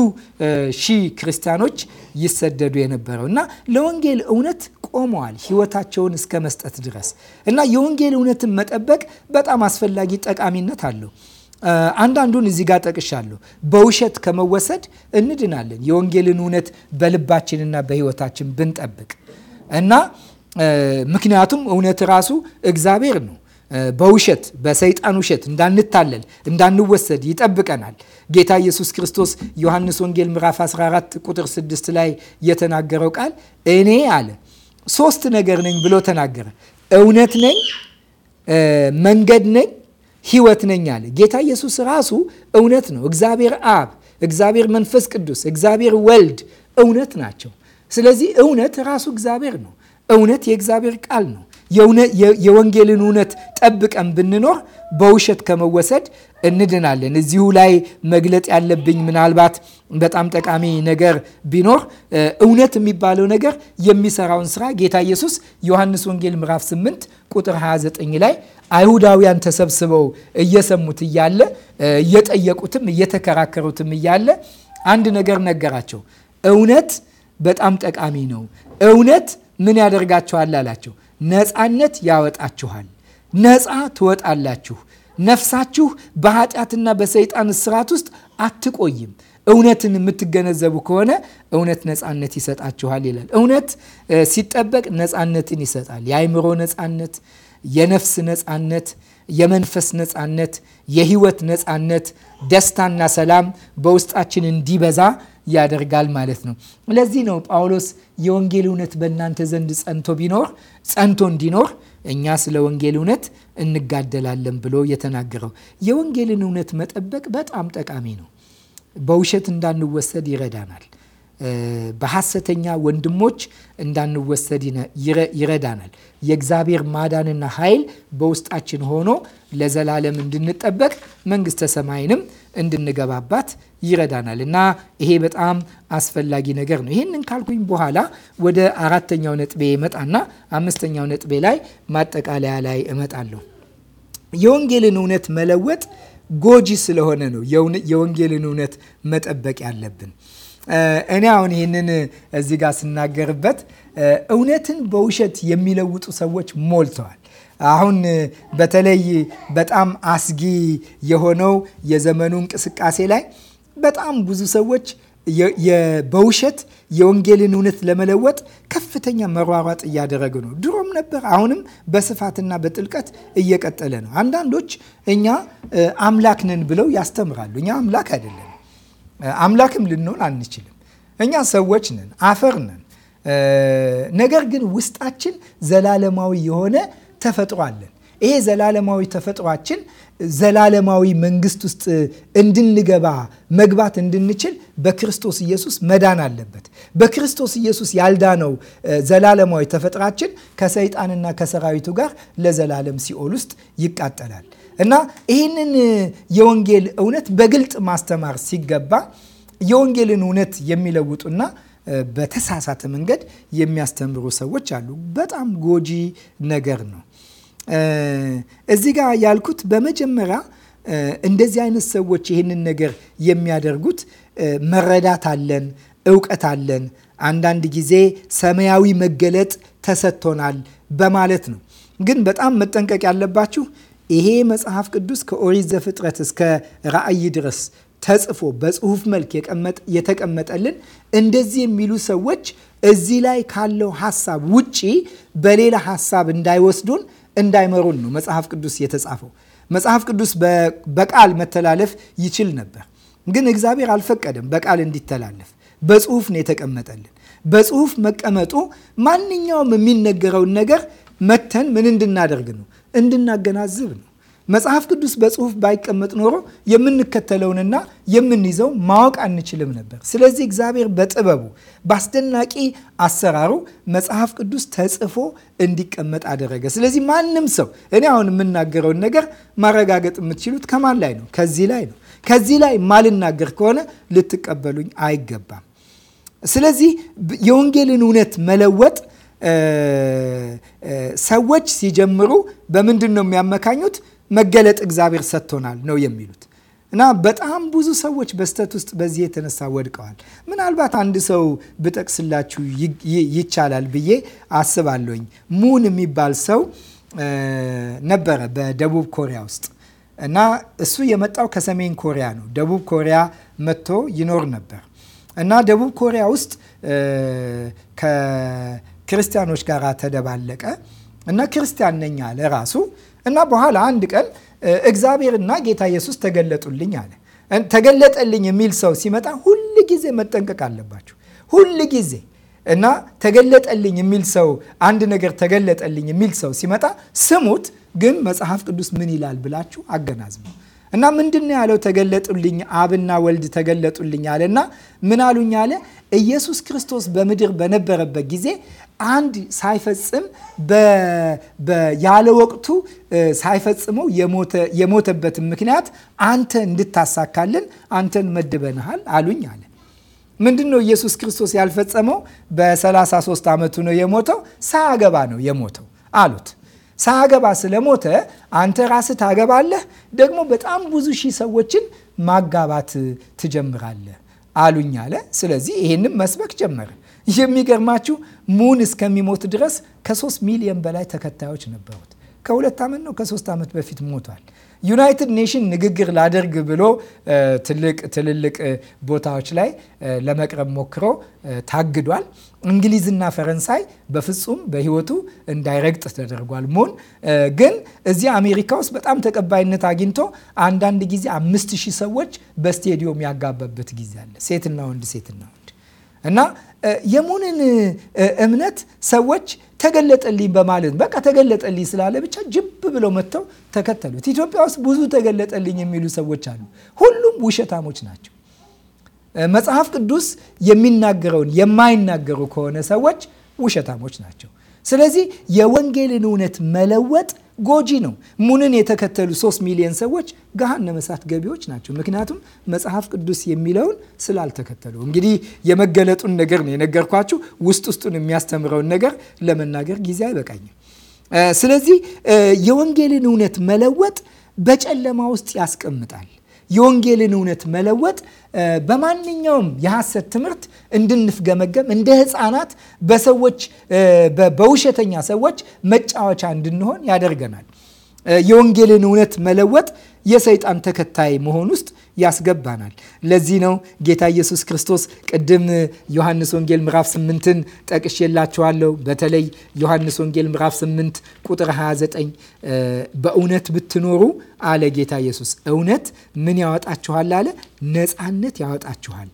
ሺህ ክርስቲያኖች ይሰደዱ የነበረው እና ለወንጌል እውነት ቆመዋል ህይወታቸውን እስከ መስጠት ድረስ እና የወንጌል እውነትን መጠበቅ በጣም አስፈላጊ ጠቃሚነት አለው። አንዳንዱን እዚህ ጋር ጠቅሻለሁ። በውሸት ከመወሰድ እንድናለን የወንጌልን እውነት በልባችንና በህይወታችን ብንጠብቅ እና ምክንያቱም እውነት ራሱ እግዚአብሔር ነው። በውሸት በሰይጣን ውሸት እንዳንታለል እንዳንወሰድ ይጠብቀናል። ጌታ ኢየሱስ ክርስቶስ ዮሐንስ ወንጌል ምዕራፍ 14 ቁጥር 6 ላይ የተናገረው ቃል እኔ አለ ሶስት ነገር ነኝ ብሎ ተናገረ። እውነት ነኝ፣ መንገድ ነኝ፣ ህይወት ነኝ አለ። ጌታ ኢየሱስ ራሱ እውነት ነው። እግዚአብሔር አብ፣ እግዚአብሔር መንፈስ ቅዱስ፣ እግዚአብሔር ወልድ እውነት ናቸው። ስለዚህ እውነት ራሱ እግዚአብሔር ነው። እውነት የእግዚአብሔር ቃል ነው። የወንጌልን እውነት ጠብቀን ብንኖር በውሸት ከመወሰድ እንድናለን። እዚሁ ላይ መግለጥ ያለብኝ ምናልባት በጣም ጠቃሚ ነገር ቢኖር እውነት የሚባለው ነገር የሚሰራውን ስራ ጌታ ኢየሱስ ዮሐንስ ወንጌል ምዕራፍ 8 ቁጥር 29 ላይ አይሁዳውያን ተሰብስበው እየሰሙት እያለ እየጠየቁትም እየተከራከሩትም እያለ አንድ ነገር ነገራቸው። እውነት በጣም ጠቃሚ ነው። እውነት ምን ያደርጋችኋል አላቸው። ነፃነት ያወጣችኋል። ነፃ ትወጣላችሁ። ነፍሳችሁ በኃጢአትና በሰይጣን እስራት ውስጥ አትቆይም። እውነትን የምትገነዘቡ ከሆነ እውነት ነፃነት ይሰጣችኋል ይላል። እውነት ሲጠበቅ ነፃነትን ይሰጣል። የአይምሮ ነፃነት፣ የነፍስ ነፃነት፣ የመንፈስ ነፃነት፣ የህይወት ነፃነት፣ ደስታና ሰላም በውስጣችን እንዲበዛ ያደርጋል ማለት ነው። ለዚህ ነው ጳውሎስ የወንጌል እውነት በእናንተ ዘንድ ጸንቶ ቢኖር ጸንቶ እንዲኖር እኛ ስለ ወንጌል እውነት እንጋደላለን ብሎ የተናገረው። የወንጌልን እውነት መጠበቅ በጣም ጠቃሚ ነው። በውሸት እንዳንወሰድ ይረዳናል። በሐሰተኛ ወንድሞች እንዳንወሰድ ይረዳናል። የእግዚአብሔር ማዳንና ኃይል በውስጣችን ሆኖ ለዘላለም እንድንጠበቅ መንግሥተ ሰማይንም እንድንገባባት ይረዳናል እና ይሄ በጣም አስፈላጊ ነገር ነው። ይህንን ካልኩኝ በኋላ ወደ አራተኛው ነጥቤ እመጣና አምስተኛው ነጥቤ ላይ ማጠቃለያ ላይ እመጣለሁ። የወንጌልን እውነት መለወጥ ጎጂ ስለሆነ ነው የወንጌልን እውነት መጠበቅ ያለብን። እኔ አሁን ይህንን እዚህ ጋር ስናገርበት እውነትን በውሸት የሚለውጡ ሰዎች ሞልተዋል። አሁን በተለይ በጣም አስጊ የሆነው የዘመኑ እንቅስቃሴ ላይ በጣም ብዙ ሰዎች በውሸት የወንጌልን እውነት ለመለወጥ ከፍተኛ መሯሯጥ እያደረገ ነው። ድሮም ነበር፣ አሁንም በስፋትና በጥልቀት እየቀጠለ ነው። አንዳንዶች እኛ አምላክ ነን ብለው ያስተምራሉ። እኛ አምላክ አይደለም፣ አምላክም ልንሆን አንችልም። እኛ ሰዎች ነን፣ አፈር ነን። ነገር ግን ውስጣችን ዘላለማዊ የሆነ ተፈጥሮ አለን። ይሄ ዘላለማዊ ተፈጥሯችን ዘላለማዊ መንግስት ውስጥ እንድንገባ መግባት እንድንችል በክርስቶስ ኢየሱስ መዳን አለበት። በክርስቶስ ኢየሱስ ያልዳነው ዘላለማዊ ተፈጥራችን ከሰይጣንና ከሰራዊቱ ጋር ለዘላለም ሲኦል ውስጥ ይቃጠላል እና ይህንን የወንጌል እውነት በግልጥ ማስተማር ሲገባ የወንጌልን እውነት የሚለውጡና በተሳሳተ መንገድ የሚያስተምሩ ሰዎች አሉ። በጣም ጎጂ ነገር ነው። እዚህ ጋር ያልኩት በመጀመሪያ እንደዚህ አይነት ሰዎች ይህንን ነገር የሚያደርጉት መረዳት አለን፣ እውቀት አለን፣ አንዳንድ ጊዜ ሰማያዊ መገለጥ ተሰጥቶናል በማለት ነው። ግን በጣም መጠንቀቅ ያለባችሁ ይሄ መጽሐፍ ቅዱስ ከኦሪት ዘፍጥረት እስከ ራእይ ድረስ ተጽፎ በጽሁፍ መልክ የተቀመጠልን እንደዚህ የሚሉ ሰዎች እዚህ ላይ ካለው ሀሳብ ውጪ በሌላ ሀሳብ እንዳይወስዱን እንዳይመሩን ነው መጽሐፍ ቅዱስ የተጻፈው። መጽሐፍ ቅዱስ በቃል መተላለፍ ይችል ነበር፣ ግን እግዚአብሔር አልፈቀደም በቃል እንዲተላለፍ። በጽሁፍ ነው የተቀመጠልን። በጽሁፍ መቀመጡ ማንኛውም የሚነገረውን ነገር መተን ምን እንድናደርግ ነው? እንድናገናዝብ ነው። መጽሐፍ ቅዱስ በጽሁፍ ባይቀመጥ ኖሮ የምንከተለውንና የምንይዘው ማወቅ አንችልም ነበር። ስለዚህ እግዚአብሔር በጥበቡ በአስደናቂ አሰራሩ መጽሐፍ ቅዱስ ተጽፎ እንዲቀመጥ አደረገ። ስለዚህ ማንም ሰው እኔ አሁን የምናገረውን ነገር ማረጋገጥ የምትችሉት ከማን ላይ ነው? ከዚህ ላይ ነው። ከዚህ ላይ ማልናገር ከሆነ ልትቀበሉኝ አይገባም። ስለዚህ የወንጌልን እውነት መለወጥ ሰዎች ሲጀምሩ በምንድን ነው የሚያመካኙት? መገለጥ እግዚአብሔር ሰጥቶናል ነው የሚሉት እና በጣም ብዙ ሰዎች በስተት ውስጥ በዚህ የተነሳ ወድቀዋል። ምናልባት አንድ ሰው ብጠቅስላችሁ ይቻላል ብዬ አስባለሁኝ። ሙን የሚባል ሰው ነበረ በደቡብ ኮሪያ ውስጥ እና እሱ የመጣው ከሰሜን ኮሪያ ነው። ደቡብ ኮሪያ መጥቶ ይኖር ነበር እና ደቡብ ኮሪያ ውስጥ ከክርስቲያኖች ጋር ተደባለቀ እና ክርስቲያን ነኝ አለ ራሱ እና በኋላ አንድ ቀን እግዚአብሔርና ጌታ ኢየሱስ ተገለጡልኝ አለ። ተገለጠልኝ የሚል ሰው ሲመጣ ሁል ጊዜ መጠንቀቅ አለባችሁ። ሁል ጊዜ እና ተገለጠልኝ የሚል ሰው አንድ ነገር ተገለጠልኝ የሚል ሰው ሲመጣ ስሙት፣ ግን መጽሐፍ ቅዱስ ምን ይላል ብላችሁ አገናዝመው። እና ምንድን ነው ያለው? ተገለጡልኝ፣ አብና ወልድ ተገለጡልኝ አለ እና ምን አሉኝ አለ። ኢየሱስ ክርስቶስ በምድር በነበረበት ጊዜ አንድ ሳይፈጽም ያለ ወቅቱ ሳይፈጽመው የሞተበትን ምክንያት አንተ እንድታሳካልን አንተን መድበንሃል አሉኝ አለ። ምንድን ነው ኢየሱስ ክርስቶስ ያልፈጸመው? በ33 ዓመቱ ነው የሞተው። ሳያገባ ነው የሞተው አሉት። ሳያገባ ስለሞተ አንተ ራስህ ታገባለህ፣ ደግሞ በጣም ብዙ ሺህ ሰዎችን ማጋባት ትጀምራለህ አሉኝ አለ። ስለዚህ ይህንም መስበክ ጀመረ። የሚገርማችሁ ሙን እስከሚሞት ድረስ ከሶስት ሚሊዮን በላይ ተከታዮች ነበሩት። ከሁለት ዓመት ነው ከሶስት ዓመት በፊት ሞቷል። ዩናይትድ ኔሽን ንግግር ላደርግ ብሎ ትልቅ ትልልቅ ቦታዎች ላይ ለመቅረብ ሞክሮ ታግዷል። እንግሊዝና ፈረንሳይ በፍጹም በህይወቱ እንዳይረግጥ ተደርጓል። ሙን ግን እዚህ አሜሪካ ውስጥ በጣም ተቀባይነት አግኝቶ አንዳንድ ጊዜ አምስት ሺህ ሰዎች በስቴዲዮም ያጋባበት ጊዜ አለ። ሴትና ወንድ ሴትና ወንድ እና የሙንን እምነት ሰዎች ተገለጠልኝ በማለት በቃ ተገለጠልኝ ስላለ ብቻ ጅብ ብለው መጥተው ተከተሉት። ኢትዮጵያ ውስጥ ብዙ ተገለጠልኝ የሚሉ ሰዎች አሉ። ሁሉም ውሸታሞች ናቸው። መጽሐፍ ቅዱስ የሚናገረውን የማይናገሩ ከሆነ ሰዎች ውሸታሞች ናቸው። ስለዚህ የወንጌልን እውነት መለወጥ ጎጂ ነው። ሙንን የተከተሉ ሶስት ሚሊዮን ሰዎች ገሃነመ እሳት ገቢዎች ናቸው። ምክንያቱም መጽሐፍ ቅዱስ የሚለውን ስላልተከተሉ። እንግዲህ የመገለጡን ነገር ነው የነገርኳችሁ። ውስጥ ውስጡን የሚያስተምረውን ነገር ለመናገር ጊዜ አይበቃኝም። ስለዚህ የወንጌልን እውነት መለወጥ በጨለማ ውስጥ ያስቀምጣል። የወንጌልን እውነት መለወጥ በማንኛውም የሐሰት ትምህርት እንድንፍገመገም እንደ ህፃናት በሰዎች በውሸተኛ ሰዎች መጫወቻ እንድንሆን ያደርገናል። የወንጌልን እውነት መለወጥ የሰይጣን ተከታይ መሆን ውስጥ ያስገባናል። ለዚህ ነው ጌታ ኢየሱስ ክርስቶስ ቅድም ዮሐንስ ወንጌል ምዕራፍ 8ን ጠቅሼላችኋለሁ። በተለይ ዮሐንስ ወንጌል ምዕራፍ 8 ቁጥር 29 በእውነት ብትኖሩ አለ ጌታ ኢየሱስ። እውነት ምን ያወጣችኋል አለ? ነፃነት ያወጣችኋል።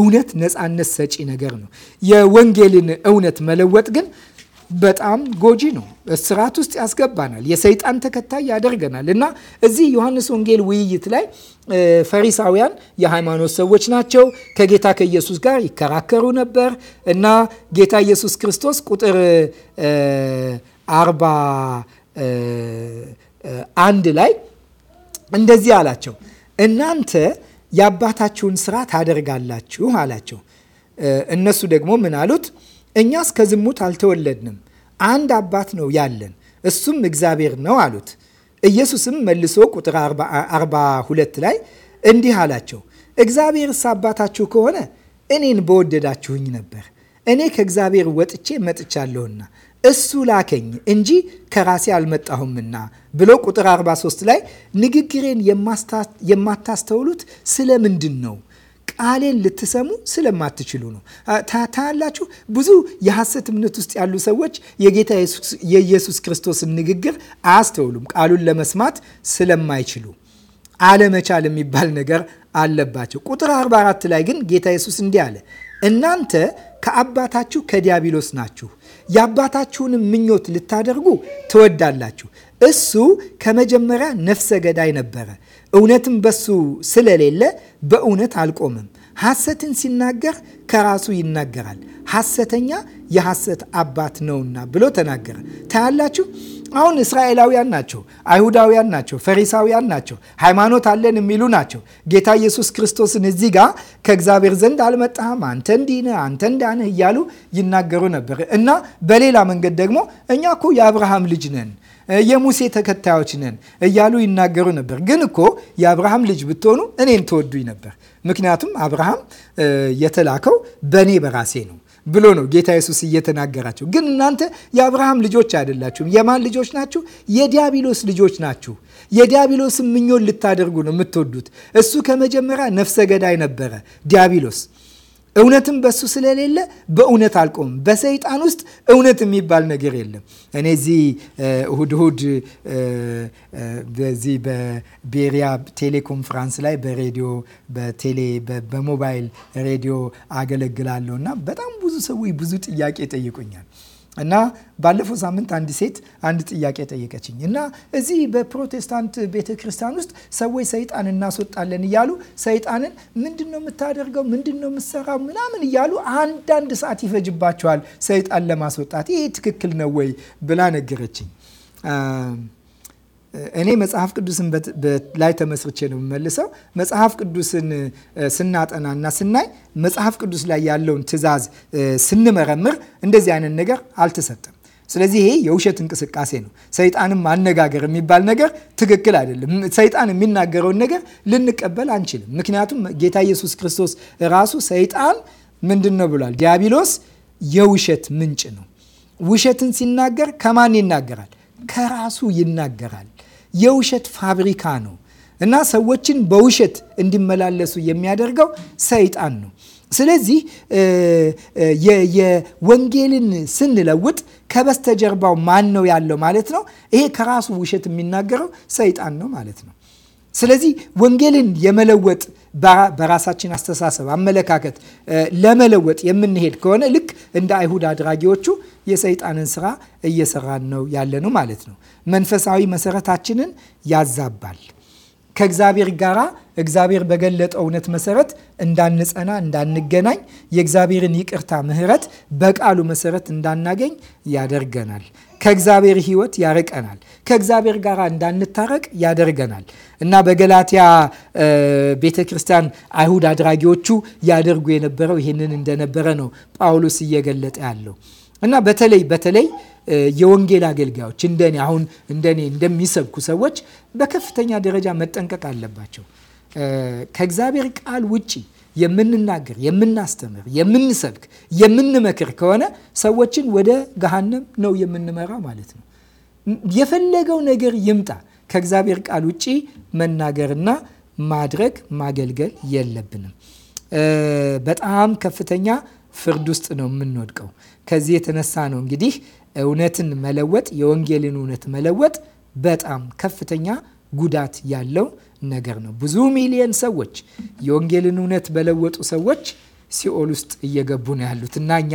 እውነት ነፃነት ሰጪ ነገር ነው። የወንጌልን እውነት መለወጥ ግን በጣም ጎጂ ነው። እስራት ውስጥ ያስገባናል፣ የሰይጣን ተከታይ ያደርገናል። እና እዚህ ዮሐንስ ወንጌል ውይይት ላይ ፈሪሳውያን የሃይማኖት ሰዎች ናቸው። ከጌታ ከኢየሱስ ጋር ይከራከሩ ነበር እና ጌታ ኢየሱስ ክርስቶስ ቁጥር አርባ አንድ ላይ እንደዚህ አላቸው፣ እናንተ የአባታችሁን ስራ ታደርጋላችሁ አላቸው። እነሱ ደግሞ ምን አሉት? እኛስ ከዝሙት አልተወለድንም፣ አንድ አባት ነው ያለን፣ እሱም እግዚአብሔር ነው አሉት። ኢየሱስም መልሶ ቁጥር 42 ላይ እንዲህ አላቸው፣ እግዚአብሔርስ አባታችሁ ከሆነ እኔን በወደዳችሁኝ ነበር፣ እኔ ከእግዚአብሔር ወጥቼ መጥቻለሁና እሱ ላከኝ እንጂ ከራሴ አልመጣሁምና ብሎ ቁጥር 43 ላይ ንግግሬን የማታስተውሉት ስለምንድን ነው? ቃሌን ልትሰሙ ስለማትችሉ ነው። ታያላችሁ፣ ብዙ የሐሰት እምነት ውስጥ ያሉ ሰዎች የጌታ የኢየሱስ ክርስቶስን ንግግር አያስተውሉም። ቃሉን ለመስማት ስለማይችሉ አለመቻል የሚባል ነገር አለባቸው። ቁጥር 44 ላይ ግን ጌታ ኢየሱስ እንዲህ አለ፣ እናንተ ከአባታችሁ ከዲያብሎስ ናችሁ፣ የአባታችሁንም ምኞት ልታደርጉ ትወዳላችሁ። እሱ ከመጀመሪያ ነፍሰ ገዳይ ነበረ። እውነትም በሱ ስለሌለ በእውነት አልቆምም። ሐሰትን ሲናገር ከራሱ ይናገራል፣ ሐሰተኛ የሐሰት አባት ነውና ብሎ ተናገረ። ታያላችሁ። አሁን እስራኤላውያን ናቸው፣ አይሁዳውያን ናቸው፣ ፈሪሳውያን ናቸው፣ ሃይማኖት አለን የሚሉ ናቸው። ጌታ ኢየሱስ ክርስቶስን እዚህ ጋር ከእግዚአብሔር ዘንድ አልመጣህም አንተ እንዲህ ነህ አንተ እንዳነህ እያሉ ይናገሩ ነበር እና በሌላ መንገድ ደግሞ እኛ እኮ የአብርሃም ልጅ ነን የሙሴ ተከታዮች ነን እያሉ ይናገሩ ነበር። ግን እኮ የአብርሃም ልጅ ብትሆኑ እኔን ትወዱኝ ነበር፣ ምክንያቱም አብርሃም የተላከው በእኔ በራሴ ነው ብሎ ነው ጌታ የሱስ እየተናገራቸው። ግን እናንተ የአብርሃም ልጆች አይደላችሁም። የማን ልጆች ናችሁ? የዲያብሎስ ልጆች ናችሁ። የዲያብሎስን ምኞን ልታደርጉ ነው የምትወዱት። እሱ ከመጀመሪያ ነፍሰ ገዳይ ነበረ ዲያብሎስ እውነትም በሱ ስለሌለ በእውነት አልቆምም። በሰይጣን ውስጥ እውነት የሚባል ነገር የለም። እኔ እዚህ እሁድ እሁድ በዚህ በቤሪያ ቴሌኮንፍራንስ ላይ በሬዲዮ በቴሌ በሞባይል ሬዲዮ አገለግላለሁ እና በጣም ብዙ ሰዎች ብዙ ጥያቄ ጠይቁኛል እና ባለፈው ሳምንት አንድ ሴት አንድ ጥያቄ ጠየቀችኝ። እና እዚህ በፕሮቴስታንት ቤተ ክርስቲያን ውስጥ ሰዎች ሰይጣን እናስወጣለን እያሉ ሰይጣንን ምንድን ነው የምታደርገው፣ ምንድን ነው የምትሰራው ምናምን እያሉ አንዳንድ ሰዓት ይፈጅባቸዋል ሰይጣን ለማስወጣት። ይህ ትክክል ነው ወይ ብላ ነገረችኝ። እኔ መጽሐፍ ቅዱስን ላይ ተመስርቼ ነው የምመልሰው። መጽሐፍ ቅዱስን ስናጠና እና ስናይ መጽሐፍ ቅዱስ ላይ ያለውን ትዕዛዝ ስንመረምር እንደዚህ አይነት ነገር አልተሰጠም። ስለዚህ ይሄ የውሸት እንቅስቃሴ ነው። ሰይጣንም ማነጋገር የሚባል ነገር ትክክል አይደለም። ሰይጣን የሚናገረውን ነገር ልንቀበል አንችልም። ምክንያቱም ጌታ ኢየሱስ ክርስቶስ ራሱ ሰይጣን ምንድን ነው ብሏል? ዲያቢሎስ የውሸት ምንጭ ነው። ውሸትን ሲናገር ከማን ይናገራል? ከራሱ ይናገራል። የውሸት ፋብሪካ ነው እና ሰዎችን በውሸት እንዲመላለሱ የሚያደርገው ሰይጣን ነው። ስለዚህ የወንጌልን ስንለውጥ ከበስተጀርባው ማን ነው ያለው ማለት ነው? ይሄ ከራሱ ውሸት የሚናገረው ሰይጣን ነው ማለት ነው። ስለዚህ ወንጌልን የመለወጥ በራሳችን አስተሳሰብ፣ አመለካከት ለመለወጥ የምንሄድ ከሆነ ልክ እንደ አይሁድ አድራጊዎቹ የሰይጣንን ስራ እየሰራን ነው ነው ማለት ነው። መንፈሳዊ መሰረታችንን ያዛባል። ከእግዚአብሔር ጋራ እግዚአብሔር በገለጠው እውነት መሰረት እንዳንጸና፣ እንዳንገናኝ የእግዚአብሔርን ይቅርታ ምሕረት በቃሉ መሰረት እንዳናገኝ ያደርገናል። ከእግዚአብሔር ሕይወት ያርቀናል። ከእግዚአብሔር ጋር እንዳንታረቅ ያደርገናል እና በገላትያ ቤተ ክርስቲያን አይሁድ አድራጊዎቹ ያደርጉ የነበረው ይህንን እንደነበረ ነው ጳውሎስ እየገለጠ ያለው እና በተለይ በተለይ የወንጌል አገልጋዮች እንደኔ አሁን እንደኔ እንደሚሰብኩ ሰዎች በከፍተኛ ደረጃ መጠንቀቅ አለባቸው ከእግዚአብሔር ቃል ውጪ የምንናገር፣ የምናስተምር፣ የምንሰብክ፣ የምንመክር ከሆነ ሰዎችን ወደ ገሃነም ነው የምንመራ ማለት ነው። የፈለገው ነገር ይምጣ ከእግዚአብሔር ቃል ውጪ መናገርና ማድረግ ማገልገል የለብንም። በጣም ከፍተኛ ፍርድ ውስጥ ነው የምንወድቀው። ከዚህ የተነሳ ነው እንግዲህ እውነትን መለወጥ የወንጌልን እውነት መለወጥ በጣም ከፍተኛ ጉዳት ያለው ነገር ነው። ብዙ ሚሊየን ሰዎች የወንጌልን እውነት በለወጡ ሰዎች ሲኦል ውስጥ እየገቡ ነው ያሉት እና እኛ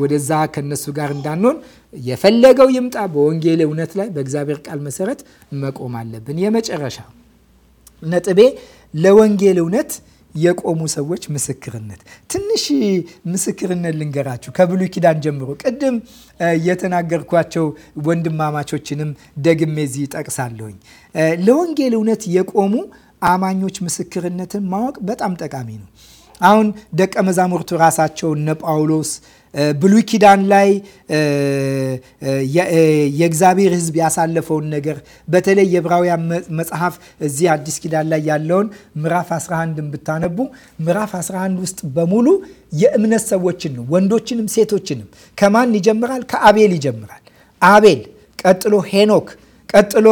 ወደዛ ከነሱ ጋር እንዳንሆን የፈለገው ይምጣ፣ በወንጌል እውነት ላይ በእግዚአብሔር ቃል መሰረት መቆም አለብን። የመጨረሻ ነጥቤ ለወንጌል እውነት የቆሙ ሰዎች ምስክርነት ትንሽ ምስክርነት ልንገራችሁ። ከብሉይ ኪዳን ጀምሮ ቅድም የተናገርኳቸው ወንድማማቾችንም ደግሜ እዚህ ጠቅሳለሁኝ። ለወንጌል እውነት የቆሙ አማኞች ምስክርነትን ማወቅ በጣም ጠቃሚ ነው። አሁን ደቀ መዛሙርቱ ራሳቸው እነ ጳውሎስ ብሉይ ኪዳን ላይ የእግዚአብሔር ሕዝብ ያሳለፈውን ነገር በተለይ የዕብራውያን መጽሐፍ እዚህ አዲስ ኪዳን ላይ ያለውን ምዕራፍ 11ን ብታነቡ ምዕራፍ 11 ውስጥ በሙሉ የእምነት ሰዎችን ነው፣ ወንዶችንም ሴቶችንም። ከማን ይጀምራል? ከአቤል ይጀምራል። አቤል፣ ቀጥሎ ሄኖክ፣ ቀጥሎ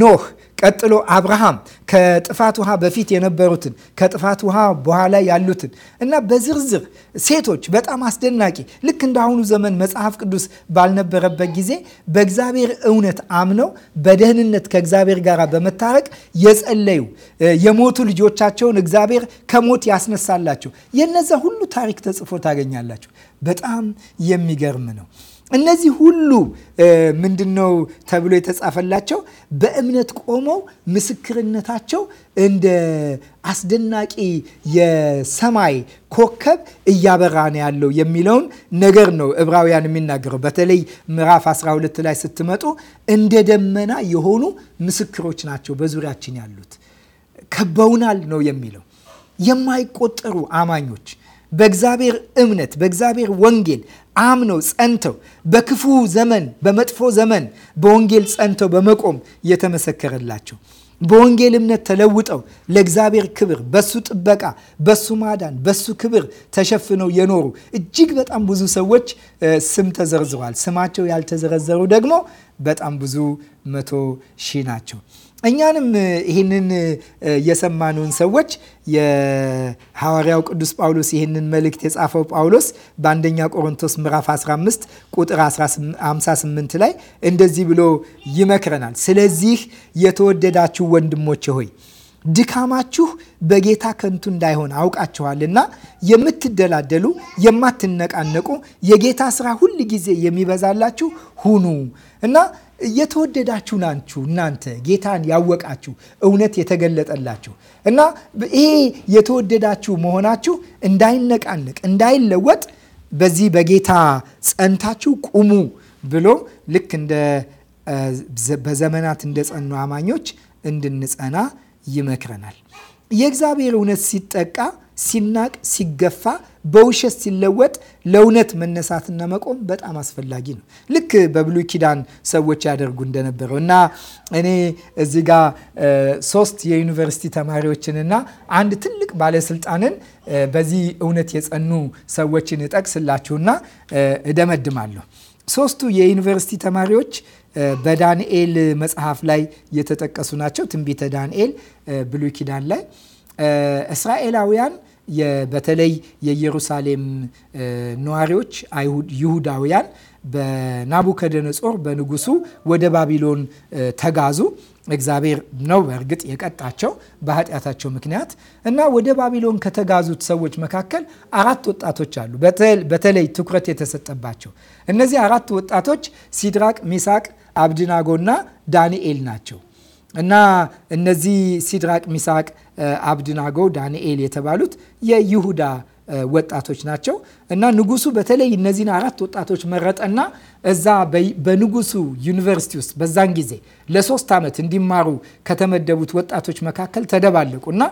ኖህ ቀጥሎ አብርሃም ከጥፋት ውሃ በፊት የነበሩትን ከጥፋት ውሃ በኋላ ያሉትን እና በዝርዝር ሴቶች በጣም አስደናቂ ልክ እንደ አሁኑ ዘመን መጽሐፍ ቅዱስ ባልነበረበት ጊዜ በእግዚአብሔር እውነት አምነው በደህንነት ከእግዚአብሔር ጋር በመታረቅ የጸለዩ የሞቱ ልጆቻቸውን እግዚአብሔር ከሞት ያስነሳላቸው የነዛ ሁሉ ታሪክ ተጽፎ ታገኛላችሁ። በጣም የሚገርም ነው። እነዚህ ሁሉ ምንድን ነው ተብሎ የተጻፈላቸው በእምነት ቆመው ምስክርነታቸው እንደ አስደናቂ የሰማይ ኮከብ እያበራ ነው ያለው የሚለውን ነገር ነው ዕብራውያን የሚናገረው። በተለይ ምዕራፍ 12 ላይ ስትመጡ እንደ ደመና የሆኑ ምስክሮች ናቸው በዙሪያችን ያሉት ከበውናል ነው የሚለው። የማይቆጠሩ አማኞች በእግዚአብሔር እምነት በእግዚአብሔር ወንጌል አምነው ጸንተው በክፉ ዘመን በመጥፎ ዘመን በወንጌል ጸንተው በመቆም የተመሰከረላቸው በወንጌል እምነት ተለውጠው ለእግዚአብሔር ክብር በሱ ጥበቃ፣ በሱ ማዳን፣ በሱ ክብር ተሸፍነው የኖሩ እጅግ በጣም ብዙ ሰዎች ስም ተዘርዝሯል። ስማቸው ያልተዘረዘሩ ደግሞ በጣም ብዙ መቶ ሺህ ናቸው። እኛንም ይህንን የሰማነውን ሰዎች የሐዋርያው ቅዱስ ጳውሎስ ይህንን መልእክት የጻፈው ጳውሎስ በአንደኛ ቆሮንቶስ ምዕራፍ 15 ቁጥር 58 ላይ እንደዚህ ብሎ ይመክረናል። ስለዚህ የተወደዳችሁ ወንድሞቼ ሆይ ድካማችሁ በጌታ ከንቱ እንዳይሆን አውቃችኋልና የምትደላደሉ የማትነቃነቁ፣ የጌታ ስራ ሁል ጊዜ የሚበዛላችሁ ሁኑ እና እየተወደዳችሁ ናችሁ እናንተ ጌታን ያወቃችሁ እውነት የተገለጠላችሁ እና ይሄ የተወደዳችሁ መሆናችሁ እንዳይነቃነቅ እንዳይለወጥ በዚህ በጌታ ጸንታችሁ ቁሙ ብሎ ልክ እንደ በዘመናት እንደ ጸኑ አማኞች እንድንጸና ይመክረናል። የእግዚአብሔር እውነት ሲጠቃ ሲናቅ፣ ሲገፋ፣ በውሸት ሲለወጥ ለእውነት መነሳትና መቆም በጣም አስፈላጊ ነው። ልክ በብሉይ ኪዳን ሰዎች ያደርጉ እንደነበረው እና እኔ እዚህ ጋ ሶስት የዩኒቨርሲቲ ተማሪዎችንና አንድ ትልቅ ባለስልጣንን በዚህ እውነት የጸኑ ሰዎችን እጠቅስላችሁና እደመድማለሁ። ሶስቱ የዩኒቨርሲቲ ተማሪዎች በዳንኤል መጽሐፍ ላይ የተጠቀሱ ናቸው። ትንቢተ ዳንኤል ብሉይ ኪዳን ላይ እስራኤላውያን በተለይ የኢየሩሳሌም ነዋሪዎች ይሁዳውያን በናቡከደነጾር በንጉሱ ወደ ባቢሎን ተጋዙ። እግዚአብሔር ነው በእርግጥ የቀጣቸው በኃጢአታቸው ምክንያት እና ወደ ባቢሎን ከተጋዙት ሰዎች መካከል አራት ወጣቶች አሉ። በተለይ ትኩረት የተሰጠባቸው እነዚህ አራት ወጣቶች ሲድራቅ፣ ሚሳቅ፣ አብድናጎና ዳንኤል ናቸው እና እነዚህ ሲድራቅ፣ ሚሳቅ አብድናጎ፣ ዳንኤል የተባሉት የይሁዳ ወጣቶች ናቸው እና ንጉሱ በተለይ እነዚህን አራት ወጣቶች መረጠና እዛ በንጉሱ ዩኒቨርሲቲ ውስጥ በዛን ጊዜ ለሶስት ዓመት እንዲማሩ ከተመደቡት ወጣቶች መካከል ተደባለቁ እና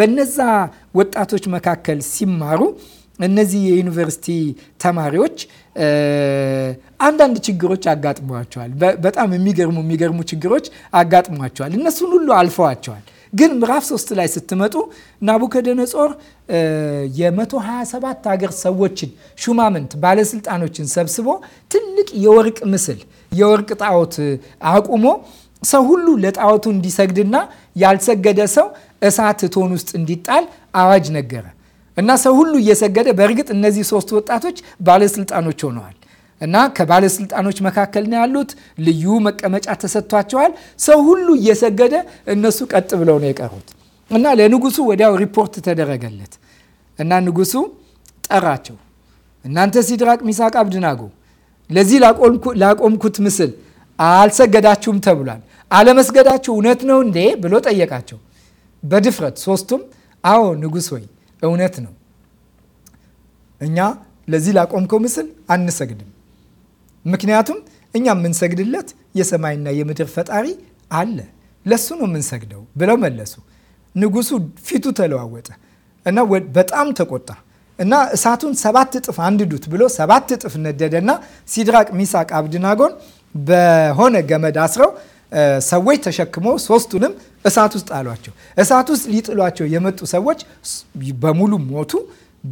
በነዛ ወጣቶች መካከል ሲማሩ እነዚህ የዩኒቨርሲቲ ተማሪዎች አንዳንድ ችግሮች አጋጥሟቸዋል። በጣም የሚገርሙ የሚገርሙ ችግሮች አጋጥሟቸዋል። እነሱን ሁሉ አልፈዋቸዋል። ግን ምዕራፍ ሶስት ላይ ስትመጡ ናቡከደነጾር የ127 ሀገር ሰዎችን ሹማምንት፣ ባለስልጣኖችን ሰብስቦ ትልቅ የወርቅ ምስል የወርቅ ጣዖት አቁሞ ሰው ሁሉ ለጣዖቱ እንዲሰግድና ያልሰገደ ሰው እሳት እቶን ውስጥ እንዲጣል አዋጅ ነገረ እና ሰው ሁሉ እየሰገደ በእርግጥ እነዚህ ሶስት ወጣቶች ባለስልጣኖች ሆነዋል። እና ከባለስልጣኖች መካከል ነው ያሉት። ልዩ መቀመጫ ተሰጥቷቸዋል። ሰው ሁሉ እየሰገደ እነሱ ቀጥ ብለው ነው የቀሩት። እና ለንጉሱ ወዲያው ሪፖርት ተደረገለት እና ንጉሱ ጠራቸው። እናንተ ሲድራቅ፣ ሚሳቅ፣ አብድናጎ ለዚህ ላቆምኩት ምስል አልሰገዳችሁም ተብሏል። አለመስገዳችሁ እውነት ነው እንዴ ብሎ ጠየቃቸው በድፍረት ሶስቱም አዎ ንጉስ ወይ እውነት ነው፣ እኛ ለዚህ ላቆምከው ምስል አንሰግድም ምክንያቱም እኛ የምንሰግድለት የሰማይና የምድር ፈጣሪ አለ፣ ለሱ ነው የምንሰግደው ብለው መለሱ። ንጉሱ ፊቱ ተለዋወጠ እና በጣም ተቆጣ እና እሳቱን ሰባት እጥፍ አንድዱት ብሎ ሰባት እጥፍ ነደደና ሲድራቅ፣ ሚሳቅ፣ አብድናጎን በሆነ ገመድ አስረው ሰዎች ተሸክሞ ሶስቱንም እሳት ውስጥ አሏቸው። እሳት ውስጥ ሊጥሏቸው የመጡ ሰዎች በሙሉ ሞቱ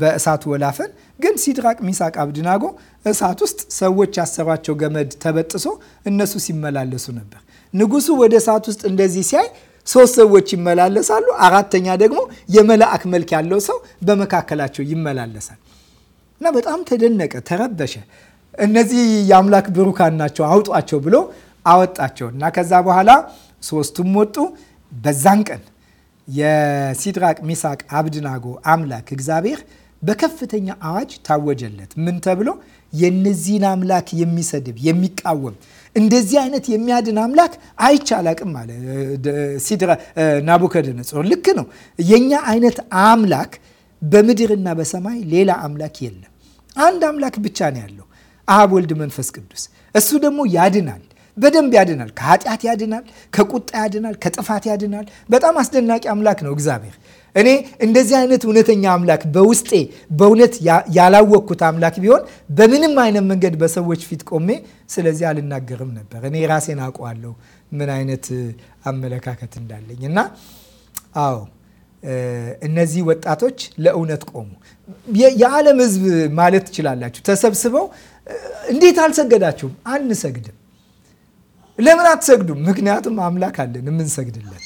በእሳቱ ወላፈን። ግን ሲድራቅ፣ ሚሳቅ፣ አብድናጎ እሳት ውስጥ ሰዎች ያሰሯቸው ገመድ ተበጥሶ እነሱ ሲመላለሱ ነበር። ንጉሱ ወደ እሳት ውስጥ እንደዚህ ሲያይ ሶስት ሰዎች ይመላለሳሉ። አራተኛ ደግሞ የመላእክ መልክ ያለው ሰው በመካከላቸው ይመላለሳል እና በጣም ተደነቀ፣ ተረበሸ። እነዚህ የአምላክ ብሩካን ናቸው አውጧቸው ብሎ አወጣቸው እና ከዛ በኋላ ሶስቱም ወጡ። በዛን ቀን የሲድራቅ ሚሳቅ አብድናጎ አምላክ እግዚአብሔር በከፍተኛ አዋጅ ታወጀለት። ምን ተብሎ? የነዚህን አምላክ የሚሰድብ የሚቃወም እንደዚህ አይነት የሚያድን አምላክ አይቻላቅም አለ ሲድራ ናቡከደነጾር። ልክ ነው። የእኛ አይነት አምላክ በምድርና በሰማይ ሌላ አምላክ የለም። አንድ አምላክ ብቻ ነው ያለው፣ አብ ወልድ፣ መንፈስ ቅዱስ። እሱ ደግሞ ያድናል በደንብ ያድናል። ከኃጢአት ያድናል፣ ከቁጣ ያድናል፣ ከጥፋት ያድናል። በጣም አስደናቂ አምላክ ነው እግዚአብሔር። እኔ እንደዚህ አይነት እውነተኛ አምላክ በውስጤ በእውነት ያላወቅኩት አምላክ ቢሆን በምንም አይነት መንገድ በሰዎች ፊት ቆሜ ስለዚህ አልናገርም ነበር። እኔ ራሴን አውቀዋለሁ ምን አይነት አመለካከት እንዳለኝ እና አዎ እነዚህ ወጣቶች ለእውነት ቆሙ። የዓለም ሕዝብ ማለት ትችላላችሁ ተሰብስበው እንዴት አልሰገዳችሁም? አንሰግድም ለምን አትሰግዱም? ምክንያቱም አምላክ አለን የምንሰግድለት።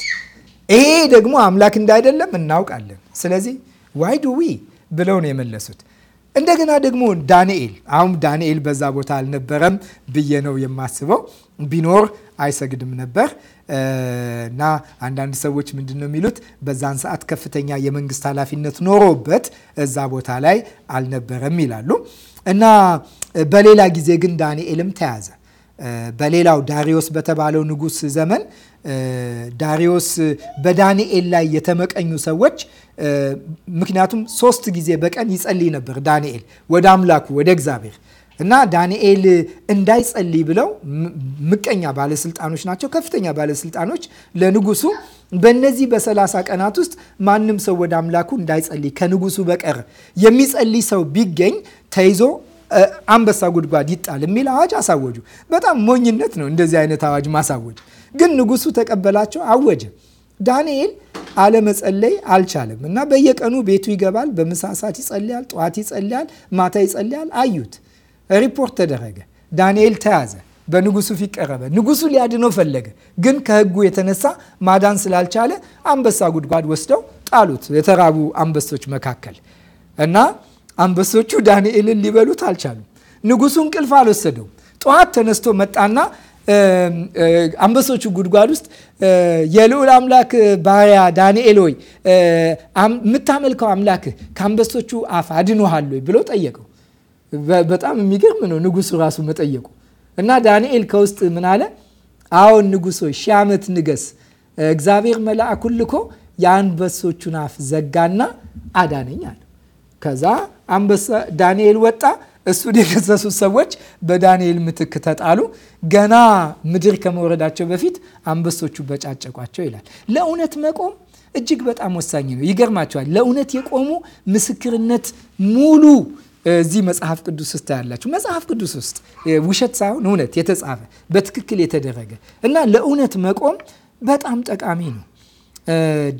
ይሄ ደግሞ አምላክ እንዳይደለም እናውቃለን። ስለዚህ ዋይ ዱ ዊ ብለው ነው የመለሱት። እንደገና ደግሞ ዳንኤል አሁን ዳንኤል በዛ ቦታ አልነበረም ብዬ ነው የማስበው። ቢኖር አይሰግድም ነበር እና አንዳንድ ሰዎች ምንድን ነው የሚሉት በዛን ሰዓት ከፍተኛ የመንግስት ኃላፊነት ኖሮበት እዛ ቦታ ላይ አልነበረም ይላሉ እና በሌላ ጊዜ ግን ዳንኤልም ተያዘ በሌላው ዳሪዮስ በተባለው ንጉስ ዘመን ዳሪዮስ በዳንኤል ላይ የተመቀኙ ሰዎች ምክንያቱም ሶስት ጊዜ በቀን ይጸልይ ነበር ዳንኤል ወደ አምላኩ ወደ እግዚአብሔር እና ዳንኤል እንዳይጸልይ ብለው ምቀኛ ባለስልጣኖች ናቸው። ከፍተኛ ባለስልጣኖች ለንጉሱ በእነዚህ በ30 ቀናት ውስጥ ማንም ሰው ወደ አምላኩ እንዳይጸልይ ከንጉሱ በቀር የሚጸልይ ሰው ቢገኝ ተይዞ አንበሳ ጉድጓድ ይጣል የሚል አዋጅ አሳወጁ። በጣም ሞኝነት ነው እንደዚህ አይነት አዋጅ ማሳወጅ። ግን ንጉሱ ተቀበላቸው፣ አወጀ። ዳንኤል አለመጸለይ አልቻለም እና በየቀኑ ቤቱ ይገባል። በምሳ ሰዓት ይጸልያል፣ ጠዋት ይጸልያል፣ ማታ ይጸልያል። አዩት። ሪፖርት ተደረገ። ዳንኤል ተያዘ። በንጉሱ ፊት ቀረበ። ንጉሱ ሊያድነው ፈለገ፣ ግን ከህጉ የተነሳ ማዳን ስላልቻለ አንበሳ ጉድጓድ ወስደው ጣሉት የተራቡ አንበሶች መካከል እና አንበሶቹ ዳንኤልን ሊበሉት አልቻሉም። ንጉሱን እንቅልፍ አልወሰደው። ጠዋት ተነስቶ መጣና አንበሶቹ ጉድጓድ ውስጥ የልዑል አምላክ ባሪያ ዳንኤል ሆይ የምታመልከው አምላክህ ከአንበሶቹ አፍ አድኖሃል ወይ ብሎ ጠየቀው። በጣም የሚገርም ነው ንጉሱ ራሱ መጠየቁ እና ዳንኤል ከውስጥ ምን አለ? አዎን ንጉሥ ሆይ ሺህ ዓመት ንገስ። እግዚአብሔር መልአኩን ልኮ የአንበሶቹን አፍ ዘጋና አዳነኝ አለ። ከዛ አንበሳ ዳንኤል ወጣ። እሱን የከሰሱት ሰዎች በዳንኤል ምትክ ተጣሉ። ገና ምድር ከመውረዳቸው በፊት አንበሶቹ በጫጨቋቸው ይላል። ለእውነት መቆም እጅግ በጣም ወሳኝ ነው። ይገርማቸዋል። ለእውነት የቆሙ ምስክርነት ሙሉ እዚህ መጽሐፍ ቅዱስ ውስጥ ያላችሁ መጽሐፍ ቅዱስ ውስጥ ውሸት ሳይሆን እውነት የተጻፈ በትክክል የተደረገ እና ለእውነት መቆም በጣም ጠቃሚ ነው።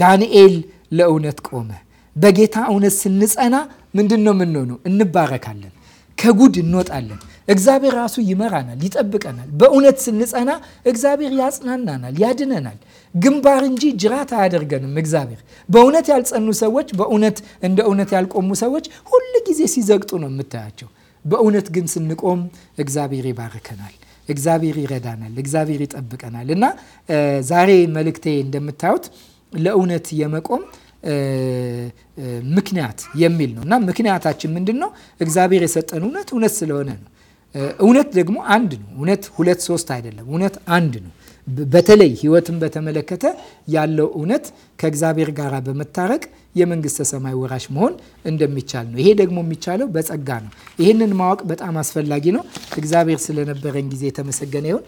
ዳንኤል ለእውነት ቆመ። በጌታ እውነት ስንጸና ምንድን ነው የምንሆነው? እንባረካለን፣ ከጉድ እንወጣለን። እግዚአብሔር ራሱ ይመራናል፣ ይጠብቀናል። በእውነት ስንጸና እግዚአብሔር ያጽናናናል፣ ያድነናል። ግንባር እንጂ ጅራት አያደርገንም። እግዚአብሔር በእውነት ያልጸኑ ሰዎች፣ በእውነት እንደ እውነት ያልቆሙ ሰዎች ሁል ጊዜ ሲዘግጡ ነው የምታያቸው። በእውነት ግን ስንቆም እግዚአብሔር ይባርከናል፣ እግዚአብሔር ይረዳናል፣ እግዚአብሔር ይጠብቀናል እና ዛሬ መልእክቴ እንደምታዩት ለእውነት የመቆም ምክንያት የሚል ነው እና ምክንያታችን ምንድን ነው? እግዚአብሔር የሰጠን እውነት እውነት ስለሆነ ነው። እውነት ደግሞ አንድ ነው። እውነት ሁለት ሶስት አይደለም። እውነት አንድ ነው። በተለይ ህይወትን በተመለከተ ያለው እውነት ከእግዚአብሔር ጋር በመታረቅ የመንግስተ ሰማይ ወራሽ መሆን እንደሚቻል ነው። ይሄ ደግሞ የሚቻለው በጸጋ ነው። ይህንን ማወቅ በጣም አስፈላጊ ነው። እግዚአብሔር ስለነበረን ጊዜ የተመሰገነ ይሁን።